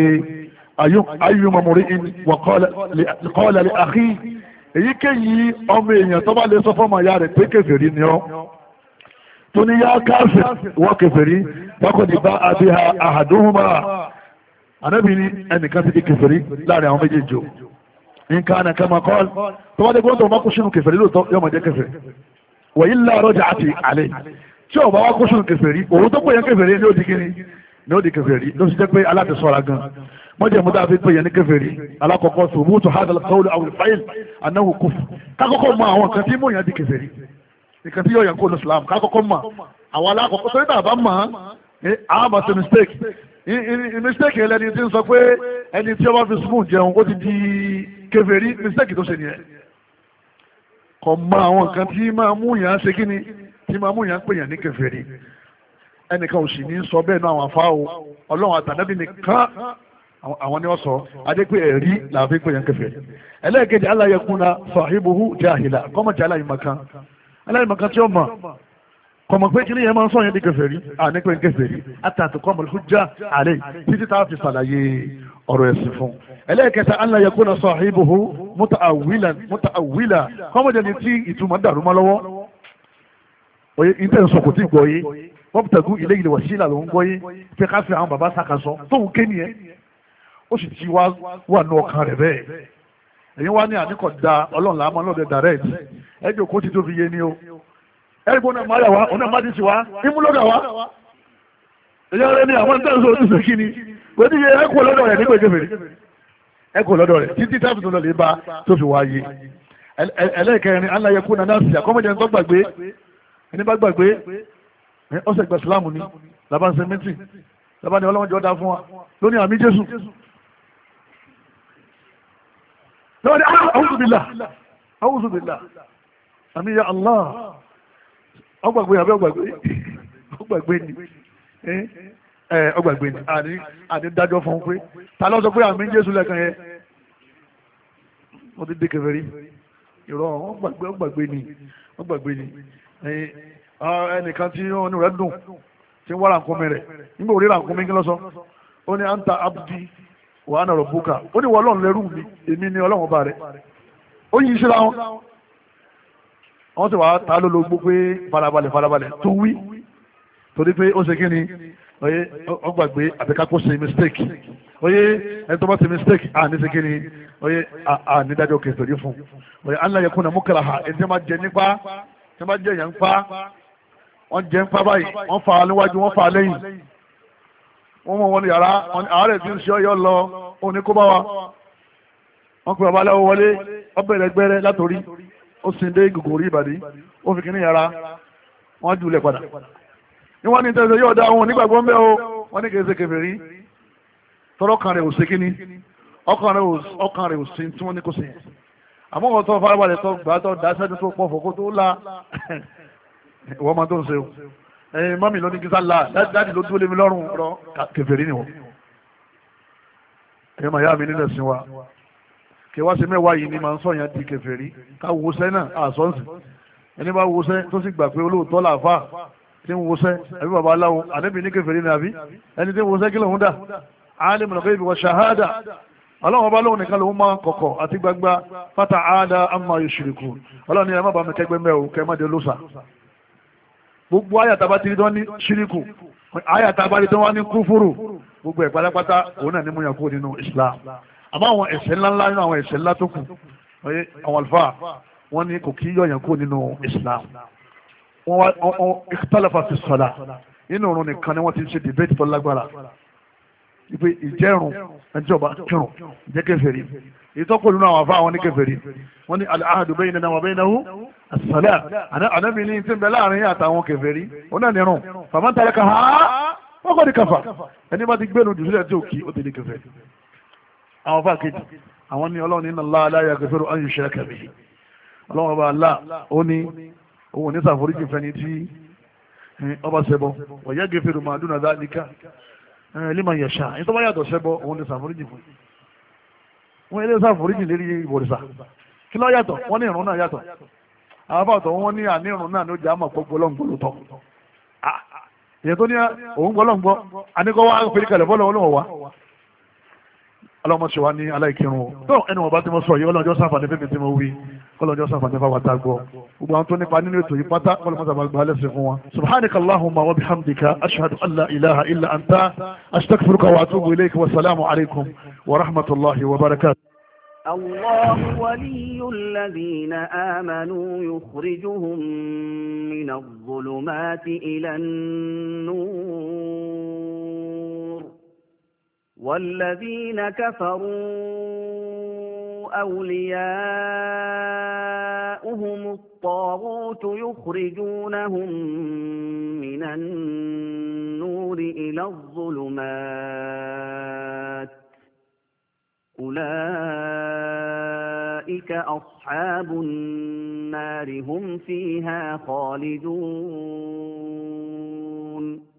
ayé mọ̀mọ́rí kọ́ọ̀lẹ̀ lè àkí èyíkéyìí ọmọ èèyàn tó bá lè sọ fọ́mọ ìyá rẹ̀ pé kẹfẹ́ rí ni ọ́ tó ní yá káfẹ́ wọ́n kẹfẹ́ rí bákọ̀dé bá àbí àhàdóhùnmá ànábì ẹnìkan ti di kẹfẹ́ rí láàrin àwọn méjèèjì nǹkan àná kama kọ́ọ̀l tó bá dé gbọ́dọ̀ bá kó sínú kẹfẹ́ lílo tọ́ yọmọ jẹ́ kẹfẹ́ wọ̀nyí láàárọ̀ jà àti àlẹ́ tí ọba wa kó sínú kẹfẹ́ rí òun tó pè yẹn kẹfẹ́ rí ní òdì kiri ní òdì kẹfẹ́ rí ló sì jẹ́ pé alátẹ̀sọ́ra gan mọ́jẹ̀ mú dáa fi pè yẹn ní kẹfẹ́ rí alákọ̀ọ́kọ́ tó mú tó hádà kọ́ọ̀lù àwọn fáìl anáwó kóf kákọ́kọ́ mọ kan tí mò yẹn di kẹfẹ́ rí nǹkan tí yóò yẹn kó lọ sùlám kákọ́kọ́ mọ àwọn alákọ̀ọ́kọ́ sọ́yìn tàbá mọ̀ á eh, máa ṣe mistake mistake ẹlẹ́ni tí ń sọ pé ẹni tí ó bá fi spoon jẹun ó ti di kèfèrí mistake tó ṣe nìyẹn kò mọ àwọn nǹkan tí máa mú yàn ṣe kí ni tí máa mú yàn pè yàn ní kèfèrí ẹnìkan ò sì ní sọ bẹ́ẹ̀ náà àwọn afá o ọlọ́run àtànábì nìkan àwọn ni wọ́n sọ adépe ẹ̀rí làbí pè yàn kèfèrí ẹlẹ́ẹ̀kejì aláyẹkùnà sahibuhu jahila kọ́mọ̀tì aláìmọ̀kan aláìmọ̀kan tí ó mọ̀ kọmọ pé kí ni yẹn máa ń sọ yẹn di kèfèrí àníkpé kèfèrí àtàtù kọmọ hujja àlẹ títí tá a fi sàlàyé ọ̀rọ̀ ẹ̀sìn fún. ẹlẹ́ẹ̀kẹta an la yakuna sahibuhu muta'awwilan muta'awwila kọ́mọdé ni tí ìtumọ̀ dàrú mọ́ lọ́wọ́ oye n tẹ̀ ń sọkò tí gbọ́ yé wọ́n tẹ̀gú ilé ìlẹ̀ wàsílà ló ń gbọ́ yé pé ká fi àwọn bàbá sàkàsọ tóun ké nìyẹn ó sì ti wá wà ní ọkàn rẹ̀ bẹ́ẹ̀ ẹ̀yin wá ní àníkọ̀ da ọlọ́run làámọ́ ọlọ́run dẹ̀ dàrẹ́ẹ̀tì ẹ̀jọ̀ kó ti tó yé ni o ẹ̀rígbó náà máa yà wá ọ̀nà máa ti sì wá ìmúlọ́dà wá. ìyá rẹ ni àwọn tẹ̀sán ojú sọ kí ni kò ní yẹ ẹ kó lọ́dọ̀ rẹ̀ nígbà ìjẹ́fẹ̀rẹ̀ ẹ kó lọ́dọ̀ rẹ̀ títí táàbù tó lọ lè ba tó fi wáyé. ẹlẹ́ẹ̀kẹrin aláyẹkú nana sí àkọ́mọ́jẹ́ tó gbàgbé ẹni bá gbàgbé ọ̀sẹ̀ gba Ìsìlámù ni laban sẹ́mẹ́ntì laban ni ọlọ́mọdé ọ̀dà fún wa lónìí àmì Jésù. lọ́wọ́dì àwọn ọ̀hún ọgbàgbé àbí ọgbàgbé ọgbàgbé ni ọgbàgbé ni àní dájọ́ fún un pé ta ló sọ pé àmì jésù lẹ́kan yẹn wọ́n ti dé kẹfẹ́ rí ìrọ̀ ọgbàgbé ọgbàgbé ni ọgbàgbé ni ẹnìkan tí ọ̀nù rẹ̀ dùn tí ń wá rànkúnmi rẹ̀ nígbà orí rànkúnmi kí ló sọ ó ní anta abdi wàhánà rọ̀ bùkà ó ní wọ́n ọlọ́run lẹ́rù mi èmi ni ọlọ́run ọba rẹ̀ ó yí síra wọn wọ́n sì wá ta ló lo gbó pé farabalẹ̀ farabalẹ̀ tó wí torí pé ó ṣe kí ni oye ọgbàgbé àtẹkákó ṣe mistake oye ẹni tó bá ṣe mistake à ní ṣe kí ni oye à ní dájọ́ kẹsìtòrí fún oye Allah yakuna mukraha ẹni tí wọ́n máa jẹ nípa tí wọ́n máa jẹ yàn ń pa wọ́n jẹ ń pa báyìí wọ́n fa níwájú wọ́n fa lẹ́yìn wọ́n mọ̀ wọn yàrá àárẹ̀ tí ń ṣe ọyọ́ lọ òní kó bá wa wọ́n pe babaláwo wọlé ọbẹ̀rẹ̀ gbẹ́rẹ́ látòrí ó sin dé gògùn orí ìbàdí ó fi kíní yàrá wọ́n jùlẹ̀ padà ní ní tẹ́sẹ̀ yóò dá òun nígbàgbọ́ ń bẹ́ o wọ́n ní kìí ṣe kèfèrí tọ́rọ kan rẹ̀ ò ṣe kíní ọkàn rẹ̀ ò sí tí wọ́n ní kò sí àmọ́ wọn tó farabalẹ̀ tó gbà tó dá sẹ́dún tó pọ̀ fòkó tó la (laughs) ìwọ́n máa tó ń ṣe o ẹ̀yin mọ́mì ló ní kí sálà dáàdì ló dúró lé mi lọ́rùn rọ kèfèrí ni kẹwàá ṣe mẹ́wàá yìí ni máa ń sọ̀yàn di kèfèrí ká wusẹ́ náà àsọ́nsì ẹni bá wusẹ́ tó sì gbà pé olóòótọ́ làáfà tí ń wusẹ́ àbí bàbá aláwo ànábì ní kèfèrí ni àbí ẹni tí ń wusẹ́ kí lòun dà alimul ghaibi wa shahada ọlọ́run ọba lóun nìkan lòun máa ń kọ̀kọ̀ àti gbangba fata ada amma yushrikun ọlọ́run ni ẹ má bàa mi kẹgbẹ́ mẹ́ o kẹ má de lóṣà gbogbo ayataba ti dán ní ṣíríkù ayataba ti dán wá ní kúfúrù gbogbo ẹ̀ pátápátá òun náà ní múyàn kó nínú Islam àmọ́ àwọn ẹ̀ṣẹ̀ ńláńlá nínú àwọn ẹ̀ṣẹ̀ ńlá tó kù àwọn àlùfáà wọ́n ní kò kí yọ̀yàn kú nínú Islam wọ́n wá ikhtalafa fi sọ̀la nínú òrùn nìkan ni wọ́n ti ṣe debate tó lágbára ipe ìjẹ́rùn ẹjọba kírun jẹ́ kèfèrí ìtọ́kùn nínú àwọn afáwọn ní kèfèrí wọ́n ní al-ahdu baynana wa baynahu as-salat ànábì ní tí ń bẹ láàrin àtàwọn kèfèrí ó náà nírun faman tarakaha faqad kafara ẹni bá ti gbẹ́nu jù sílẹ̀ tí ò kí ó ti di kèfèrí àwọn fà kejì àwọn ní ọlọ́run nínú Allah la yaghfiru an yushraka bihi ọlọ́run ọba Allah ó ní òun ní ṣàforíjì fẹ́ni tí ọba ṣẹbọ wa yaghfiru ma duna dhalika liman yasha ní tó bá yàtọ̀ ṣẹbọ òun ní ṣàforíjì fún wọn ilé ṣàforíjì lérí ìbòrìṣà kí ló yàtọ̀ wọ́n ní ìrún náà yàtọ̀ àwọn bá tọ̀ wọ́n ní ànírun náà ló jẹ́ àmọ̀ gbogbo lọ́ngbòlò tọ̀ èyí ah, ah. tó ní òun gbọ́ lọ́ngbọ́ àníkọ́ wá fèrè kalẹ̀ bọ́ọ̀lù ọlọ́wọ́ wa aláwọ̀mọ́sí wa ní aláìkírun tó ẹni wọ́n bá ti mọ́ sọ yìí ọlọ́jọ́ sáfàdé fẹ́mi tí mo wí ọlọ́jọ́ sáfàdé fáwọn àtàgbọ́ gbogbo àwọn tó nípa nínú ètò yìí pátá ọlọ́mọ́sá bá gba lẹ́sìn fún wa. subhanaka allahumma wa bihamdika ashhadu an ilaha illa anta astaghfiruka wa atubu ilayka wa salaamu alaykum wa rahmatulahi wa barakatuh. الله ولي الذين آمنوا يخرجهم من الظلمات إلى النور والذين كفروا أولياؤهم الطاغوت يخرجونهم من النور إلى الظلمات أولئك أصحاب النار هم فيها خالدون